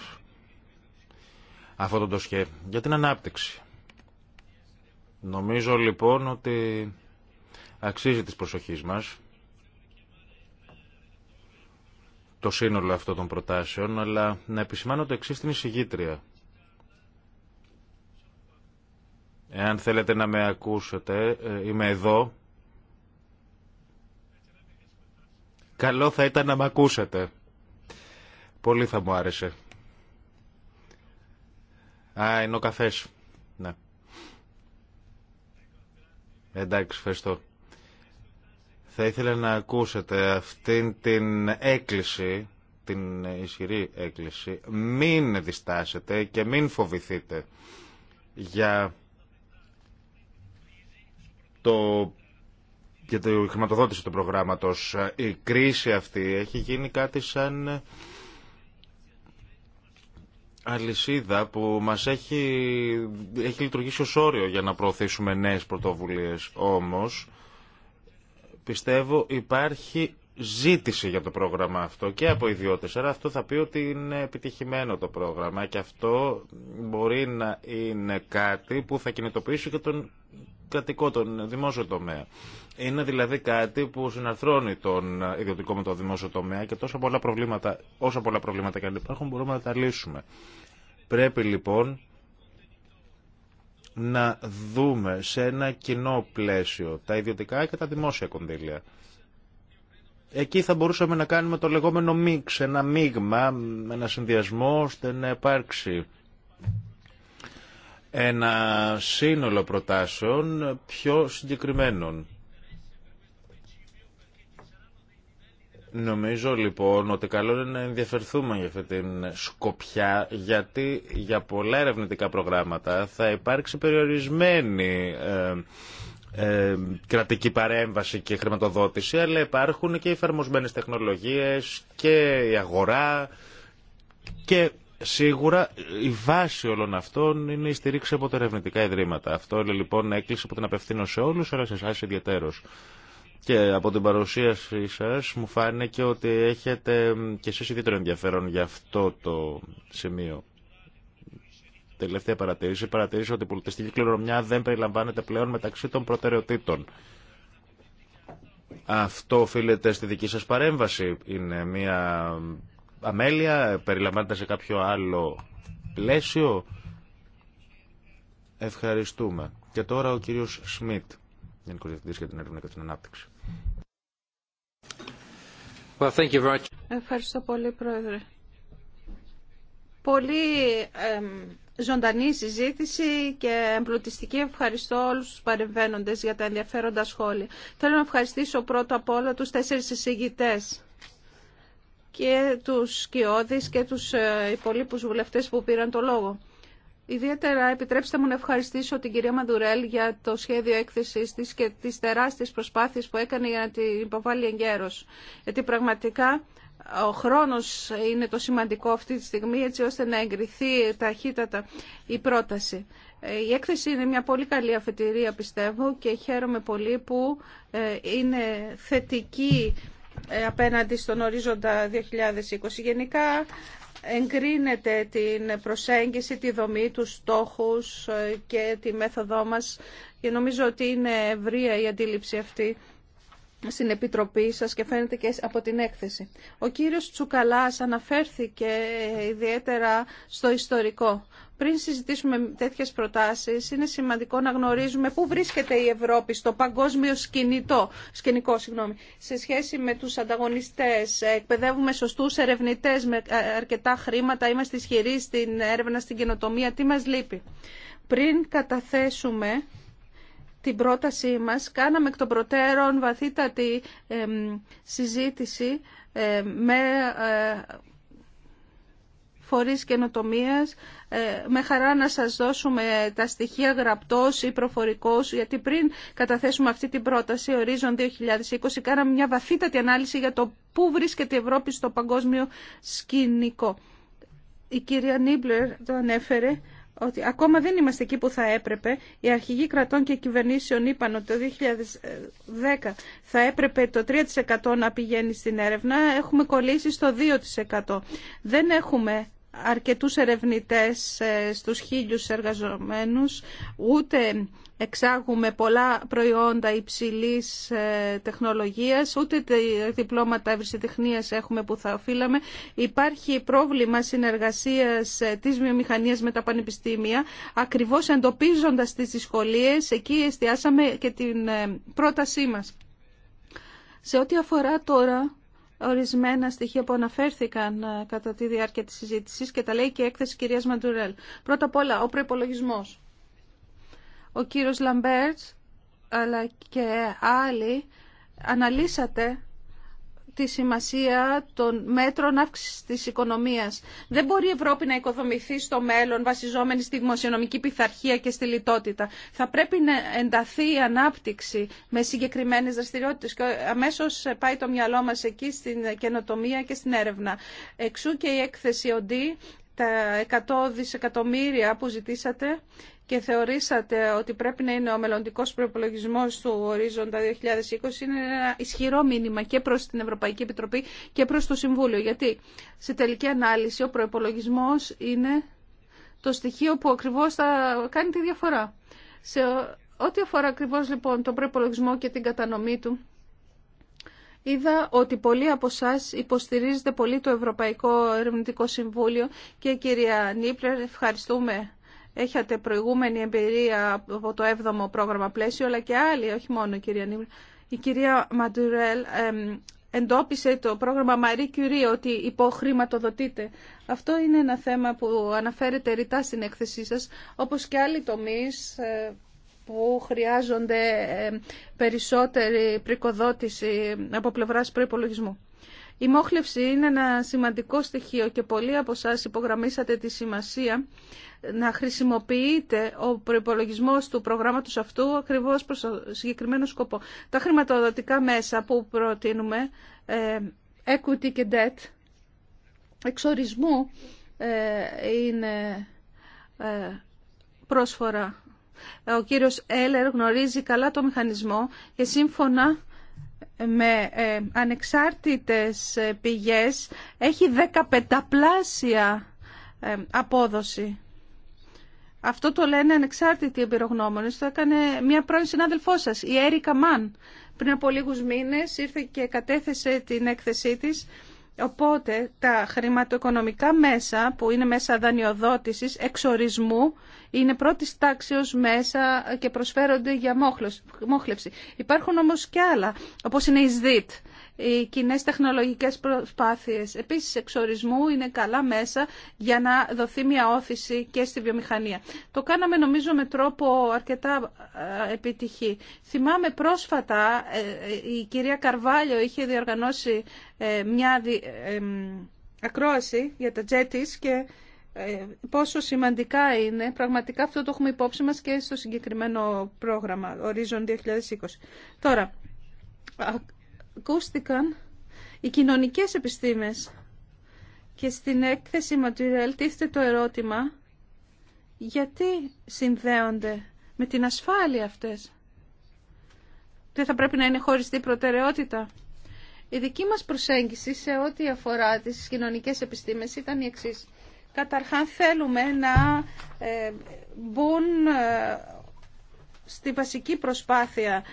αυτό το ντοσχέ για την ανάπτυξη. Νομίζω λοιπόν ότι αξίζει της προσοχής μας το σύνολο αυτών των προτάσεων, αλλά να επισημάνω το εξής στην εισηγήτρια. Εάν θέλετε να με ακούσετε, ε, είμαι εδώ. Καλό θα ήταν να με ακούσετε. Πολύ θα μου άρεσε. Α, είναι ο Ναι. Εντάξει, ευχαριστώ. Θα ήθελα να ακούσετε αυτήν την έκκληση, την ισχυρή έκκληση. Μην διστάσετε και μην φοβηθείτε για το για τη χρηματοδότηση του προγράμματος. Ε, η κρίση αυτή έχει γίνει κάτι σαν αλυσίδα που μας έχει, έχει λειτουργήσει ως όριο για να προωθήσουμε νέες πρωτοβουλίες. Όμως, πιστεύω υπάρχει ζήτηση για το πρόγραμμα αυτό και από ιδιώτες. Άρα αυτό θα πει ότι είναι επιτυχημένο το πρόγραμμα και αυτό μπορεί να είναι κάτι που θα κινητοποιήσει και τον κρατικό, τον δημόσιο τομέα. Είναι δηλαδή κάτι που συναρθρώνει τον ιδιωτικό με τον δημόσιο τομέα και τόσα πολλά προβλήματα, όσα πολλά προβλήματα και αν υπάρχουν μπορούμε να τα λύσουμε. Πρέπει λοιπόν να δούμε σε ένα κοινό πλαίσιο τα ιδιωτικά και τα δημόσια κονδύλια. Εκεί θα μπορούσαμε να κάνουμε το λεγόμενο μίξ, ένα μείγμα, ένα συνδυασμό ώστε να υπάρξει ένα σύνολο προτάσεων πιο συγκεκριμένων. Νομίζω λοιπόν ότι καλό είναι να ενδιαφερθούμε για αυτή την σκοπιά γιατί για πολλά ερευνητικά προγράμματα θα υπάρξει περιορισμένη ε, ε, κρατική παρέμβαση και χρηματοδότηση αλλά υπάρχουν και οι εφαρμοσμένες τεχνολογίες και η αγορά και Σίγουρα η βάση όλων αυτών είναι η στηρίξη από τα ερευνητικά ιδρύματα. Αυτό είναι λοιπόν έκκληση που την απευθύνω σε όλους, αλλά σε εσά ιδιαίτερω. Και από την παρουσίασή σας μου φάνηκε ότι έχετε και εσείς ιδιαίτερο ενδιαφέρον για αυτό το σημείο. Τελευταία παρατήρηση. Παρατήρηση ότι η πολιτιστική κληρονομιά δεν περιλαμβάνεται πλέον μεταξύ των προτεραιοτήτων. Αυτό οφείλεται στη δική σας παρέμβαση. Είναι μια αμέλεια, περιλαμβάνεται σε κάποιο άλλο πλαίσιο. Ευχαριστούμε. Και τώρα ο κύριος Σμιτ, Γενικό Διευθυντή για την Έρευνα και την Ανάπτυξη. Well, thank you very much. Ευχαριστώ πολύ, Πρόεδρε. Πολύ εμ, ζωντανή συζήτηση και εμπλουτιστική. Ευχαριστώ όλους τους παρεμβαίνοντες για τα ενδιαφέροντα σχόλια. Θέλω να ευχαριστήσω πρώτα απ' όλα τους τέσσερις εισηγητές και τους Σκιώδης και τους ε, υπολείπους βουλευτές που πήραν το λόγο. Ιδιαίτερα επιτρέψτε μου να ευχαριστήσω την κυρία Μαντουρέλ για το σχέδιο έκθεσης της και τις τεράστιες προσπάθειες που έκανε για να την υποβάλει εγκαίρως. Γιατί πραγματικά ο χρόνος είναι το σημαντικό αυτή τη στιγμή έτσι ώστε να εγκριθεί ταχύτατα η πρόταση. Ε, η έκθεση είναι μια πολύ καλή αφετηρία πιστεύω και χαίρομαι πολύ που ε, είναι θετική ε, απέναντι στον ορίζοντα 2020. Γενικά εγκρίνεται την προσέγγιση, τη δομή, τους στόχους ε, και τη μέθοδό μας και νομίζω ότι είναι ευρία η αντίληψη αυτή στην Επιτροπή σας και φαίνεται και από την έκθεση. Ο κύριος Τσουκαλάς αναφέρθηκε ιδιαίτερα στο ιστορικό πριν συζητήσουμε τέτοιες προτάσεις, είναι σημαντικό να γνωρίζουμε πού βρίσκεται η Ευρώπη στο παγκόσμιο σκηνικό, σκηνικό συγγνώμη, σε σχέση με τους ανταγωνιστές. Εκπαιδεύουμε σωστούς ερευνητές με αρκετά χρήματα, είμαστε ισχυροί στην έρευνα, στην καινοτομία. Τι μας λείπει. Πριν καταθέσουμε την πρότασή μας, κάναμε εκ των προτέρων βαθύτατη συζήτηση με ε, φορείς καινοτομίας. Ε, με χαρά να σας δώσουμε τα στοιχεία γραπτός ή προφορικός, γιατί πριν καταθέσουμε αυτή την πρόταση, ορίζον 2020, κάναμε μια βαθύτατη ανάλυση για το πού βρίσκεται η Ευρώπη στο παγκόσμιο σκηνικό. Η κυρία Νίμπλερ το ανέφερε ότι ακόμα δεν είμαστε εκεί που θα έπρεπε. Οι αρχηγοί κρατών και κυβερνήσεων είπαν ότι το 2010 θα έπρεπε το 3% να πηγαίνει στην έρευνα. Έχουμε κολλήσει στο 2%. Δεν έχουμε αρκετούς ερευνητές ε, στους χίλιους εργαζομένους, ούτε εξάγουμε πολλά προϊόντα υψηλής ε, τεχνολογίας, ούτε διπλώματα ευρυσιτεχνίας έχουμε που θα οφείλαμε. Υπάρχει πρόβλημα συνεργασίας ε, της βιομηχανίας με τα πανεπιστήμια. Ακριβώς εντοπίζοντας τις δυσκολίες, εκεί εστιάσαμε και την πρότασή μας. Σε ό,τι αφορά τώρα ορισμένα στοιχεία που αναφέρθηκαν ε, κατά τη διάρκεια της συζήτησης και τα λέει και η έκθεση κυρίας Μαντουρέλ. Πρώτα απ' όλα, ο προπολογισμό. Ο κύριος Λαμπέρτς αλλά και άλλοι αναλύσατε τη σημασία των μέτρων αύξηση τη οικονομία. Δεν μπορεί η Ευρώπη να οικοδομηθεί στο μέλλον βασιζόμενη στη δημοσιονομική πειθαρχία και στη λιτότητα. Θα πρέπει να ενταθεί η ανάπτυξη με συγκεκριμένες δραστηριότητες και αμέσως πάει το μυαλό μα εκεί στην καινοτομία και στην έρευνα. Εξού και η έκθεση ΟΝΤΗ, τα 100 δισεκατομμύρια που ζητήσατε και θεωρήσατε ότι πρέπει να είναι ο μελλοντικό προπολογισμό του ορίζοντα 2020 είναι ένα ισχυρό μήνυμα και προ την Ευρωπαϊκή Επιτροπή και προ το Συμβούλιο. Γιατί σε τελική ανάλυση ο προπολογισμό είναι το στοιχείο που ακριβώ θα κάνει τη διαφορά. Σε ό,τι αφορά ακριβώ λοιπόν τον προπολογισμό και την κατανομή του, Είδα ότι πολλοί από εσά υποστηρίζετε πολύ το Ευρωπαϊκό Ερευνητικό Συμβούλιο και κυρία Νίπλερ, ευχαριστούμε έχετε προηγούμενη εμπειρία από το 7ο πρόγραμμα πλαίσιο, αλλά και άλλοι, όχι μόνο η κυρία Η κυρία Μαντουρέλ εντόπισε το πρόγραμμα Marie Curie ότι υποχρηματοδοτείται. Αυτό είναι ένα θέμα που αναφέρεται ρητά στην έκθεσή σας, όπως και άλλοι τομείς ε, που χρειάζονται ε, περισσότερη πρικοδότηση από πλευράς προϋπολογισμού. Η μόχλευση είναι ένα σημαντικό στοιχείο και πολλοί από εσά υπογραμμίσατε τη σημασία να χρησιμοποιείτε ο προπολογισμό του προγράμματος αυτού ακριβώς προς το συγκεκριμένο σκοπό. Τα χρηματοδοτικά μέσα που προτείνουμε, ε, equity και debt, εξορισμού ε, είναι ε, πρόσφορα. Ο κύριος Έλερ γνωρίζει καλά το μηχανισμό και σύμφωνα με ε, ανεξάρτητες ε, πηγές έχει 15πλάσια ε, απόδοση. Αυτό το λένε ανεξάρτητοι εμπειρογνώμονες. Το έκανε μια πρώην συνάδελφό σας, η Έρικα Μαν. Πριν από λίγους μήνες ήρθε και κατέθεσε την έκθεσή της Οπότε τα χρηματοοικονομικά μέσα που είναι μέσα δανειοδότησης, εξορισμού, είναι πρώτη τάξεως μέσα και προσφέρονται για μόχλευση. Υπάρχουν όμως και άλλα, όπως είναι η ΣΔΙΤ, οι κοινέ τεχνολογικέ προσπάθειες. επίση εξορισμού είναι καλά μέσα για να δοθεί μια όθηση και στη βιομηχανία. Το κάναμε, νομίζω, με τρόπο αρκετά επιτυχή. Θυμάμαι πρόσφατα, ε, η κυρία Καρβάλιο είχε διοργανώσει ε, μια ε, ακρόαση για τα τζέτης και πόσο σημαντικά είναι. Πραγματικά αυτό το έχουμε υπόψη μας και στο συγκεκριμένο πρόγραμμα Horizon 2020. Τώρα, ακούστηκαν οι κοινωνικές επιστήμες και στην έκθεση Ματουρέλ τίθεται το ερώτημα γιατί συνδέονται με την ασφάλεια αυτές. Δεν θα πρέπει να είναι χωριστή προτεραιότητα. Η δική μας προσέγγιση σε ό,τι αφορά τις κοινωνικές επιστήμες ήταν η εξής. καταρχάν θέλουμε να ε, μπουν ε, στη βασική προσπάθεια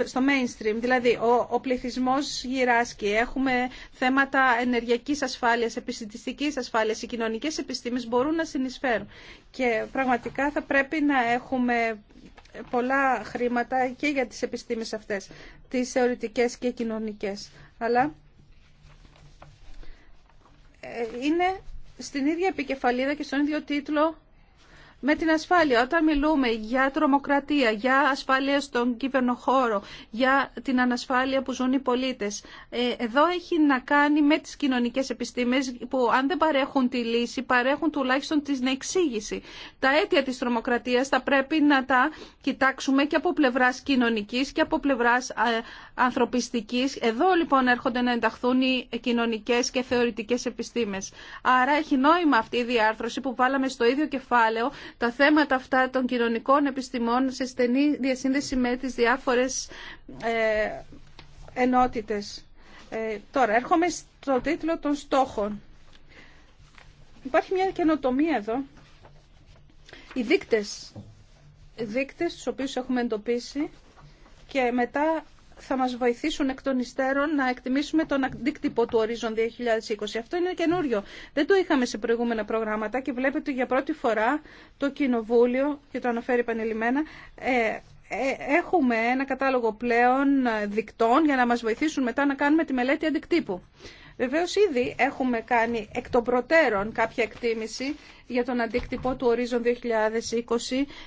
ε, στο mainstream, δηλαδή ο, ο πληθυσμός γυράσκει, έχουμε θέματα ενεργειακής ασφάλειας, επιστημιστικής ασφάλειας, οι κοινωνικές επιστήμες μπορούν να συνεισφέρουν. Και πραγματικά θα πρέπει να έχουμε πολλά χρήματα και για τις επιστήμες αυτές, τις θεωρητικές και κοινωνικές. Αλλά ε, είναι στην ίδια επικεφαλίδα και στον ίδιο τίτλο με την ασφάλεια. Όταν μιλούμε για τρομοκρατία, για ασφάλεια στον κυβερνοχώρο, για την ανασφάλεια που ζουν οι πολίτες, ε, εδώ έχει να κάνει με τις κοινωνικές επιστήμες που αν δεν παρέχουν τη λύση, παρέχουν τουλάχιστον την εξήγηση. Τα αίτια της τρομοκρατίας θα πρέπει να τα κοιτάξουμε και από πλευράς κοινωνικής και από πλευράς ε, ανθρωπιστικής. Εδώ λοιπόν έρχονται να ενταχθούν οι κοινωνικές και θεωρητικές επιστήμες. Άρα έχει νόημα αυτή η διάρθρωση που βάλαμε στο ίδιο κεφάλαιο τα θέματα αυτά των κοινωνικών επιστημών σε στενή διασύνδεση με τις διάφορες ε, ενότητες. Ε, τώρα, έρχομαι στο τίτλο των στόχων. Υπάρχει μια καινοτομία εδώ. Οι δείκτες, οι δείκτες τους έχουμε εντοπίσει και μετά θα μας βοηθήσουν εκ των υστέρων να εκτιμήσουμε τον αντίκτυπο του Horizon 2020. Αυτό είναι καινούριο. Δεν το είχαμε σε προηγούμενα προγράμματα και βλέπετε για πρώτη φορά το Κοινοβούλιο, και το αναφέρει πανελιμένα ε, ε, έχουμε ένα κατάλογο πλέον δικτών για να μας βοηθήσουν μετά να κάνουμε τη μελέτη αντικτύπου. Βεβαίω ήδη έχουμε κάνει εκ των προτέρων κάποια εκτίμηση για τον αντίκτυπο του ορίζον 2020,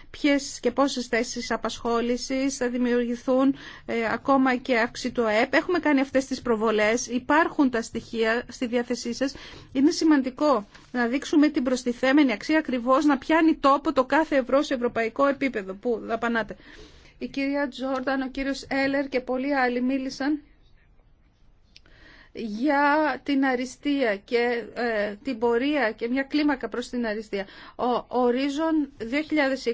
ποιε και πόσε θέσει απασχόλησης θα δημιουργηθούν, ε, ακόμα και αύξηση του ΑΕΠ. Έχουμε κάνει αυτές τις προβολέ, υπάρχουν τα στοιχεία στη διάθεσή σα. Είναι σημαντικό να δείξουμε την προστιθέμενη αξία ακριβώ να πιάνει τόπο το κάθε ευρώ σε ευρωπαϊκό επίπεδο που δαπανάτε. Η κυρία Τζόρνταν, ο κύριος Έλερ και πολλοί άλλοι μίλησαν για την αριστεία και ε, την πορεία και μια κλίμακα προς την αριστεία. Ο ορίζον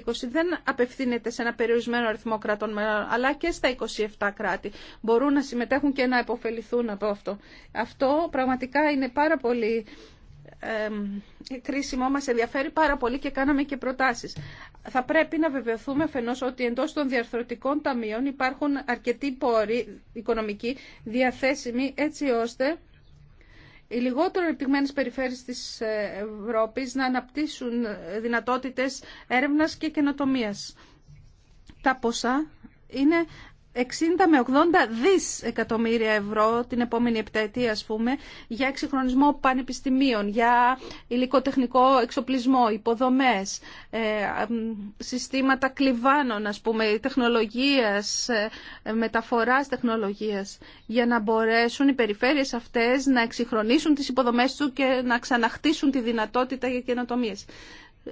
2020 δεν απευθύνεται σε ένα περιορισμένο αριθμό κρατών αλλά και στα 27 κράτη μπορούν να συμμετέχουν και να επωφεληθούν από αυτό. Αυτό πραγματικά είναι πάρα πολύ κρίσιμο, μας ενδιαφέρει πάρα πολύ και κάναμε και προτάσεις. Θα πρέπει να βεβαιωθούμε αφενός ότι εντός των διαρθρωτικών ταμείων υπάρχουν αρκετοί πόροι οικονομικοί διαθέσιμοι έτσι ώστε οι λιγότερο επιτυγμένες περιφέρειες της Ευρώπης να αναπτύσσουν δυνατότητες έρευνας και καινοτομίας. Τα ποσά είναι 60 με 80 δις εκατομμύρια ευρώ την επόμενη επταετία ας πούμε για εξυγχρονισμό πανεπιστημίων, για υλικοτεχνικό εξοπλισμό, υποδομές, ε, συστήματα κλιβάνων ας πούμε, τεχνολογίας, ε, μεταφοράς τεχνολογίας για να μπορέσουν οι περιφέρειες αυτές να εξυγχρονίσουν τις υποδομές του και να ξαναχτίσουν τη δυνατότητα για καινοτομίες.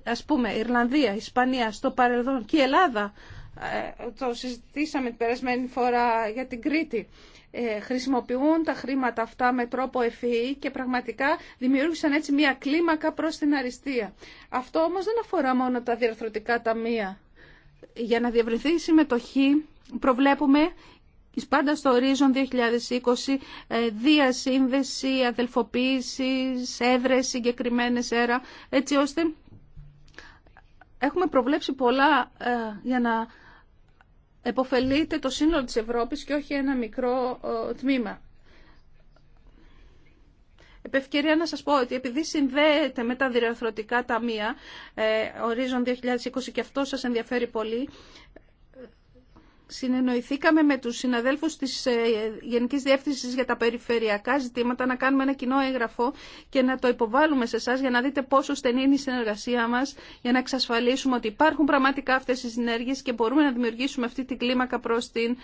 Ας πούμε, Ιρλανδία, Ισπανία, στο παρελθόν και η Ελλάδα ε, το συζητήσαμε την περασμένη φορά για την Κρήτη. Ε, χρησιμοποιούν τα χρήματα αυτά με τρόπο ευφυή και πραγματικά δημιούργησαν έτσι μια κλίμακα προς την αριστεία. Αυτό όμως δεν αφορά μόνο τα διαρθρωτικά ταμεία. Για να διευρυνθεί η συμμετοχή προβλέπουμε πάντα στο ορίζον 2020 ε, διασύνδεση, αδελφοποίηση, έδρες συγκεκριμένε έρα, έτσι ώστε έχουμε προβλέψει πολλά για να εποφελείται το σύνολο της Ευρώπης και όχι ένα μικρό τμήμα. Επιευκαιρία να σας πω ότι επειδή συνδέεται με τα διαρθρωτικά ταμεία ε, ορίζον 2020 και αυτό σας ενδιαφέρει πολύ, συνεννοηθήκαμε με τους συναδέλφους της ε, Γενικής Διεύθυνσης για τα περιφερειακά ζητήματα να κάνουμε ένα κοινό έγγραφο και να το υποβάλουμε σε εσά για να δείτε πόσο στενή είναι η συνεργασία μας για να εξασφαλίσουμε ότι υπάρχουν πραγματικά αυτές οι συνέργειες και μπορούμε να δημιουργήσουμε αυτή την κλίμακα προς την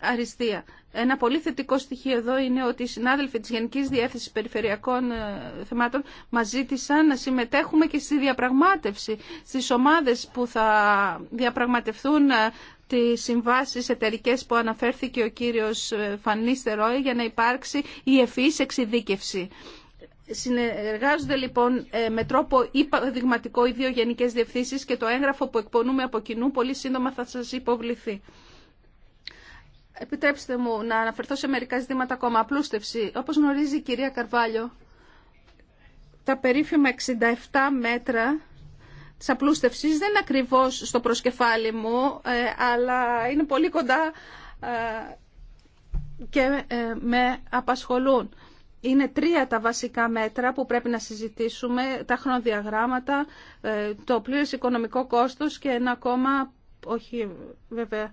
αριστεία. Ένα πολύ θετικό στοιχείο εδώ είναι ότι οι συνάδελφοι της Γενικής Διεύθυνσης Περιφερειακών ε, Θεμάτων μας ζήτησαν να συμμετέχουμε και στη διαπραγμάτευση, στις ομάδες που θα διαπραγματευτούν ε, τι συμβάσεις εταιρικές που αναφέρθηκε ο κύριος ε, Φανίστερόι για να υπάρξει η ευφυής εξειδίκευση. Συνεργάζονται λοιπόν ε, με τρόπο υπαδειγματικό οι δύο γενικές διευθύνσεις και το έγγραφο που εκπονούμε από κοινού πολύ σύντομα θα σας υποβληθεί. Επιτρέψτε μου να αναφερθώ σε μερικά ζητήματα ακόμα. Απλούστευση. Όπως γνωρίζει η κυρία Καρβάλιο, τα περίφημα 67 μέτρα της απλούστευσης δεν είναι ακριβώς στο προσκεφάλι μου, ε, αλλά είναι πολύ κοντά ε, και ε, με απασχολούν. Είναι τρία τα βασικά μέτρα που πρέπει να συζητήσουμε, τα χρονοδιαγράμματα, το πλήρες οικονομικό κόστος και ένα ακόμα, όχι βέβαια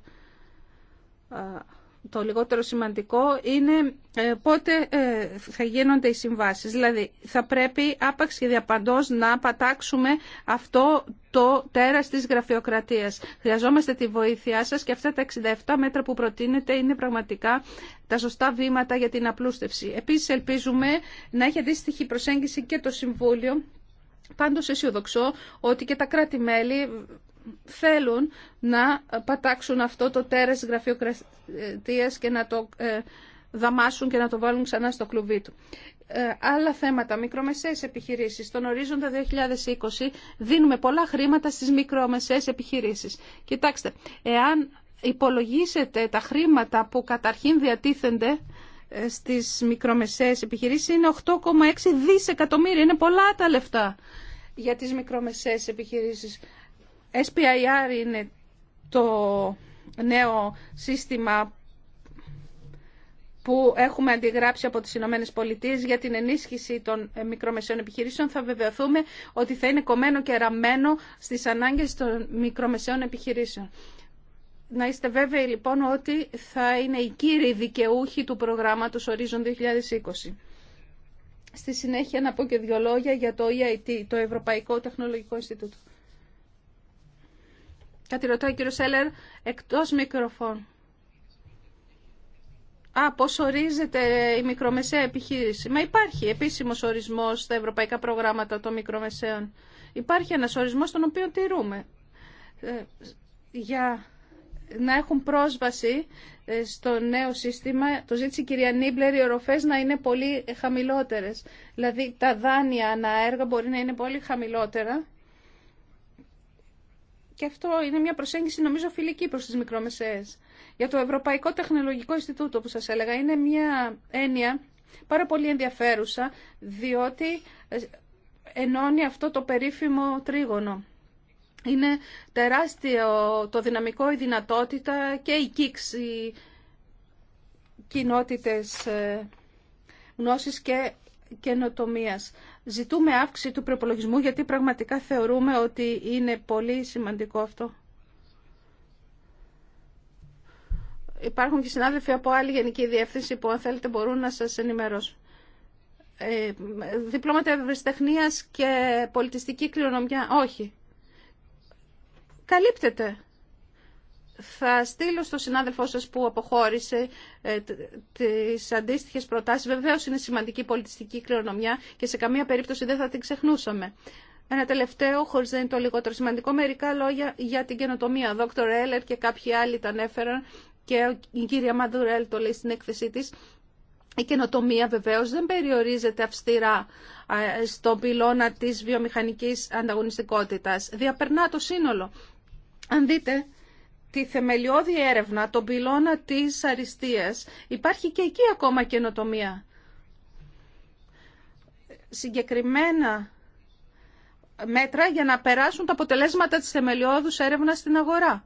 το λιγότερο σημαντικό είναι ε, πότε ε, θα γίνονται οι συμβάσεις. Δηλαδή θα πρέπει άπαξ και διαπαντός να πατάξουμε αυτό το τέρας της γραφειοκρατίας. Χρειαζόμαστε τη βοήθειά σας και αυτά τα 67 μέτρα που προτείνετε είναι πραγματικά τα σωστά βήματα για την απλούστευση. Επίσης ελπίζουμε να έχει αντίστοιχη προσέγγιση και το Συμβούλιο Πάντως αισιοδοξώ ότι και τα κράτη-μέλη θέλουν να πατάξουν αυτό το τέρας γραφειοκρατίας και να το ε, δαμάσουν και να το βάλουν ξανά στο κλουβί του. Ε, άλλα θέματα, μικρομεσαίες επιχειρήσεις. Στον ορίζοντα 2020 δίνουμε πολλά χρήματα στις μικρομεσαίες επιχειρήσεις. Κοιτάξτε, εάν υπολογίσετε τα χρήματα που καταρχήν διατίθενται ε, στις μικρομεσαίες επιχειρήσεις είναι 8,6 δισεκατομμύρια. Είναι πολλά τα λεφτά για τις μικρομεσαίες επιχειρήσεις. SPIR είναι το νέο σύστημα που έχουμε αντιγράψει από τις Ηνωμένε Πολιτείε για την ενίσχυση των ε, μικρομεσαίων επιχειρήσεων, θα βεβαιωθούμε ότι θα είναι κομμένο και ραμμένο στις ανάγκες των μικρομεσαίων επιχειρήσεων. Να είστε βέβαιοι λοιπόν ότι θα είναι οι κύριοι δικαιούχοι του προγράμματος Horizon 2020. Στη συνέχεια να πω και δύο λόγια για το EIT, το Ευρωπαϊκό Τεχνολογικό Ινστιτούτο. Κάτι ρωτάει ο κύριος Σέλερ εκτός μικροφών. Α, πώς ορίζεται η μικρομεσαία επιχείρηση. Μα υπάρχει επίσημος ορισμός στα ευρωπαϊκά προγράμματα των μικρομεσαίων. Υπάρχει ένας ορισμός τον οποίο τηρούμε. Ε, για να έχουν πρόσβαση ε, στο νέο σύστημα, το ζήτησε η κυρία Νίμπλερ, οι οροφές να είναι πολύ χαμηλότερες. Δηλαδή τα δάνεια ανά έργα μπορεί να είναι πολύ χαμηλότερα και αυτό είναι μια προσέγγιση νομίζω φιλική προς τις μικρομεσαίες. Για το Ευρωπαϊκό Τεχνολογικό Ινστιτούτο που σας έλεγα είναι μια έννοια πάρα πολύ ενδιαφέρουσα διότι ε, ενώνει αυτό το περίφημο τρίγωνο. Είναι τεράστιο το δυναμικό, η δυνατότητα και η κίξη οι κοινότητες ε, γνώσης και καινοτομίας ζητούμε αύξηση του προπολογισμού γιατί πραγματικά θεωρούμε ότι είναι πολύ σημαντικό αυτό. Υπάρχουν και συνάδελφοι από άλλη γενική διεύθυνση που αν θέλετε μπορούν να σας ενημερώσουν. Ε, διπλώματα ευρεσιτεχνίας και πολιτιστική κληρονομιά, όχι. Καλύπτεται θα στείλω στον συνάδελφό σας που αποχώρησε ε, τις αντίστοιχες προτάσεις. Βεβαίως είναι σημαντική πολιτιστική κληρονομιά και σε καμία περίπτωση δεν θα την ξεχνούσαμε. Ένα τελευταίο, χωρί δεν είναι το λιγότερο σημαντικό, μερικά λόγια για την καινοτομία. Ο Δόκτωρ Έλερ και κάποιοι άλλοι τα ανέφεραν και η κυρία Μαντουρέλ το λέει στην έκθεσή τη. Η καινοτομία βεβαίω δεν περιορίζεται αυστηρά στον πυλώνα τη βιομηχανική ανταγωνιστικότητα. Διαπερνά το σύνολο. Αν δείτε τη θεμελιώδη έρευνα, τον πυλώνα της αριστείας, υπάρχει και εκεί ακόμα καινοτομία. Συγκεκριμένα μέτρα για να περάσουν τα αποτελέσματα της θεμελιώδους έρευνας στην αγορά.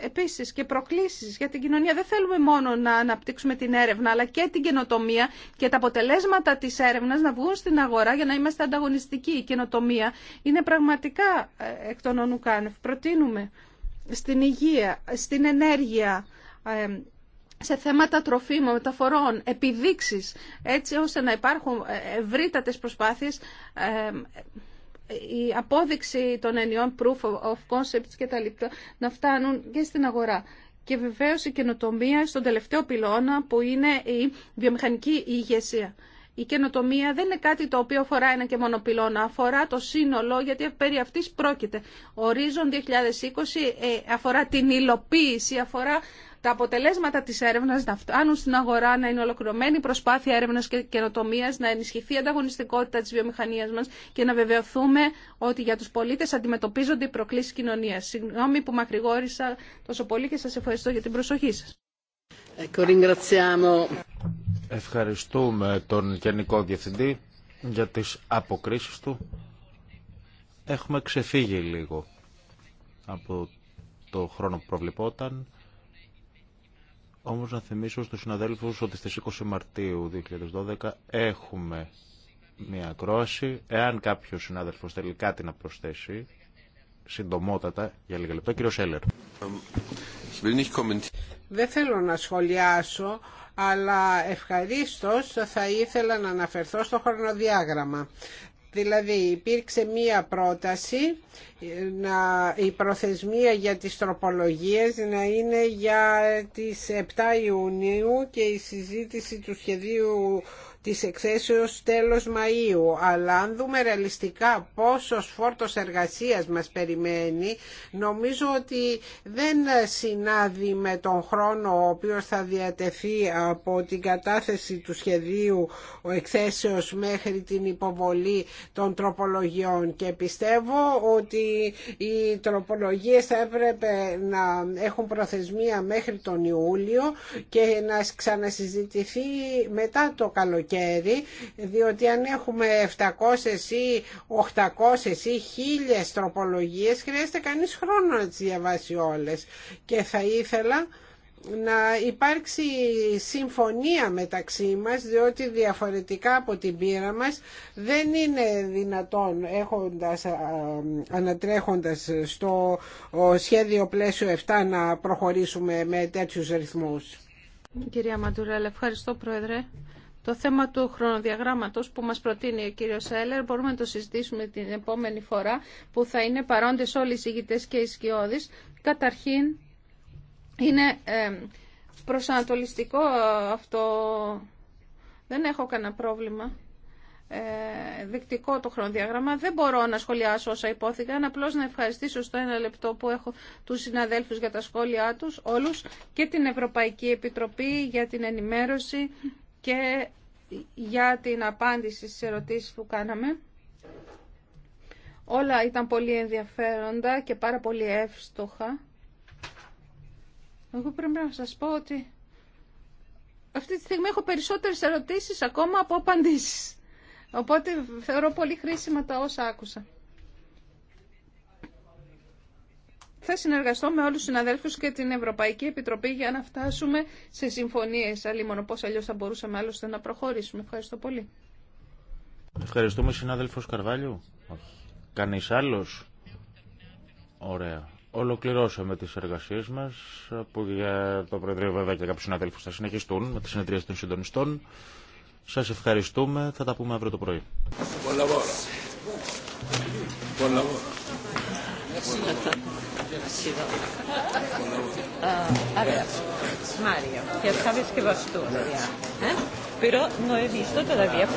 Επίση και προκλήσεις για την κοινωνία. Δεν θέλουμε μόνο να αναπτύξουμε την έρευνα, αλλά και την καινοτομία και τα αποτελέσματα της έρευνας να βγουν στην αγορά για να είμαστε ανταγωνιστικοί. Η καινοτομία είναι πραγματικά ε, εκ των ονουκάνευ. Προτείνουμε στην υγεία, στην ενέργεια, ε, σε θέματα τροφίμων, μεταφορών, επιδείξεις, έτσι ώστε να υπάρχουν ε, ευρύτατες προσπάθειες η απόδειξη των ενιών proof of concepts και τα λοιπά να φτάνουν και στην αγορά. Και βεβαίως η καινοτομία στον τελευταίο πυλώνα που είναι η βιομηχανική ηγεσία. Η καινοτομία δεν είναι κάτι το οποίο αφορά ένα και μόνο πυλώνα, αφορά το σύνολο γιατί περί αυτής πρόκειται. Ορίζον 2020 ε, αφορά την υλοποίηση, αφορά τα αποτελέσματα της έρευνας να φτάνουν στην αγορά, να είναι ολοκληρωμένη προσπάθεια έρευνας και καινοτομίας, να ενισχυθεί η ανταγωνιστικότητα τη βιομηχανία μα και να βεβαιωθούμε ότι για τους πολίτες αντιμετωπίζονται οι προκλήσεις κοινωνίας. Συγγνώμη που μακρηγόρησα τόσο πολύ και σας ευχαριστώ για την προσοχή σα. Ευχαριστούμε τον Γενικό Διευθυντή για τις αποκρίσεις του. Έχουμε ξεφύγει λίγο από το χρόνο που προβληπόταν. Όμως να θυμίσω στους συναδέλφους ότι στις 20 Μαρτίου 2012 έχουμε μια ακρόαση. Εάν κάποιος συνάδελφος θέλει κάτι να προσθέσει, συντομότατα για λίγα λεπτά. Κύριο Σέλερ. Δεν θέλω να σχολιάσω, αλλά ευχαρίστως θα ήθελα να αναφερθώ στο χρονοδιάγραμμα. Δηλαδή υπήρξε μία πρόταση να, η προθεσμία για τις τροπολογίες να είναι για τις 7 Ιουνίου και η συζήτηση του σχεδίου της εκθέσεως τέλος Μαΐου. Αλλά αν δούμε ρεαλιστικά πόσος φόρτος εργασίας μας περιμένει, νομίζω ότι δεν συνάδει με τον χρόνο ο οποίος θα διατεθεί από την κατάθεση του σχεδίου ο εκθέσεως μέχρι την υποβολή των τροπολογιών και πιστεύω ότι οι τροπολογίες θα έπρεπε να έχουν προθεσμία μέχρι τον Ιούλιο και να ξανασυζητηθεί μετά το καλοκαίρι καλοκαίρι διότι αν έχουμε 700 ή 800 ή 1000 τροπολογίες χρειάζεται κανείς χρόνο να τις διαβάσει όλες και θα ήθελα να υπάρξει συμφωνία μεταξύ μας διότι διαφορετικά από την πείρα μας δεν είναι δυνατόν έχοντας, ανατρέχοντας στο σχέδιο πλαίσιο 7 να προχωρήσουμε με τέτοιους ρυθμούς. Κυρία Μαντουρέλ, ευχαριστώ Πρόεδρε. Το θέμα του χρονοδιαγράμματος που μας προτείνει ο κύριος Σέλερ μπορούμε να το συζητήσουμε την επόμενη φορά που θα είναι παρόντες όλοι οι ηγητές και οι σκιώδεις. Καταρχήν είναι προσανατολιστικό αυτό, δεν έχω κανένα πρόβλημα ε, δεκτικό το χρονοδιάγραμμα. Δεν μπορώ να σχολιάσω όσα υπόθηκαν, απλώ να ευχαριστήσω στο ένα λεπτό που έχω του συναδέλφου για τα σχόλιά του, όλου και την Ευρωπαϊκή Επιτροπή για την ενημέρωση και για την απάντηση στις ερωτήσεις που κάναμε. Όλα ήταν πολύ ενδιαφέροντα και πάρα πολύ εύστοχα. Εγώ πρέπει να σας πω ότι αυτή τη στιγμή έχω περισσότερες ερωτήσεις ακόμα από απαντήσεις. Οπότε θεωρώ πολύ χρήσιμα τα όσα άκουσα. Θα συνεργαστώ με όλους τους συναδέλφους και την Ευρωπαϊκή Επιτροπή για να φτάσουμε σε συμφωνίες. μόνο πώς αλλιώς θα μπορούσαμε άλλωστε να προχωρήσουμε. Ευχαριστώ πολύ. Ευχαριστούμε συνάδελφος Καρβάλιου. Κανείς άλλος. Ωραία. Ολοκληρώσαμε τις εργασίες μας που για το Προεδρείο βέβαια και κάποιους συναδέλφους θα συνεχιστούν με τις συνεδρίες των συντονιστών. Σας ευχαριστούμε. Θα τα πούμε αύριο το πρωί. Äh, a ver, Mario, ya sabes que vas tú, ¿eh? Pero no he visto todavía a Yo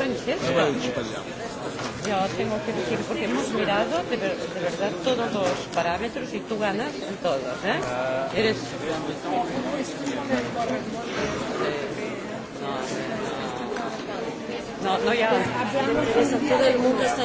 tengo que decir, porque hemos mirado de, verdad todos los parámetros y tú ganas en todos. ¿eh? Eres... No, no, no, ya. Todo el mundo está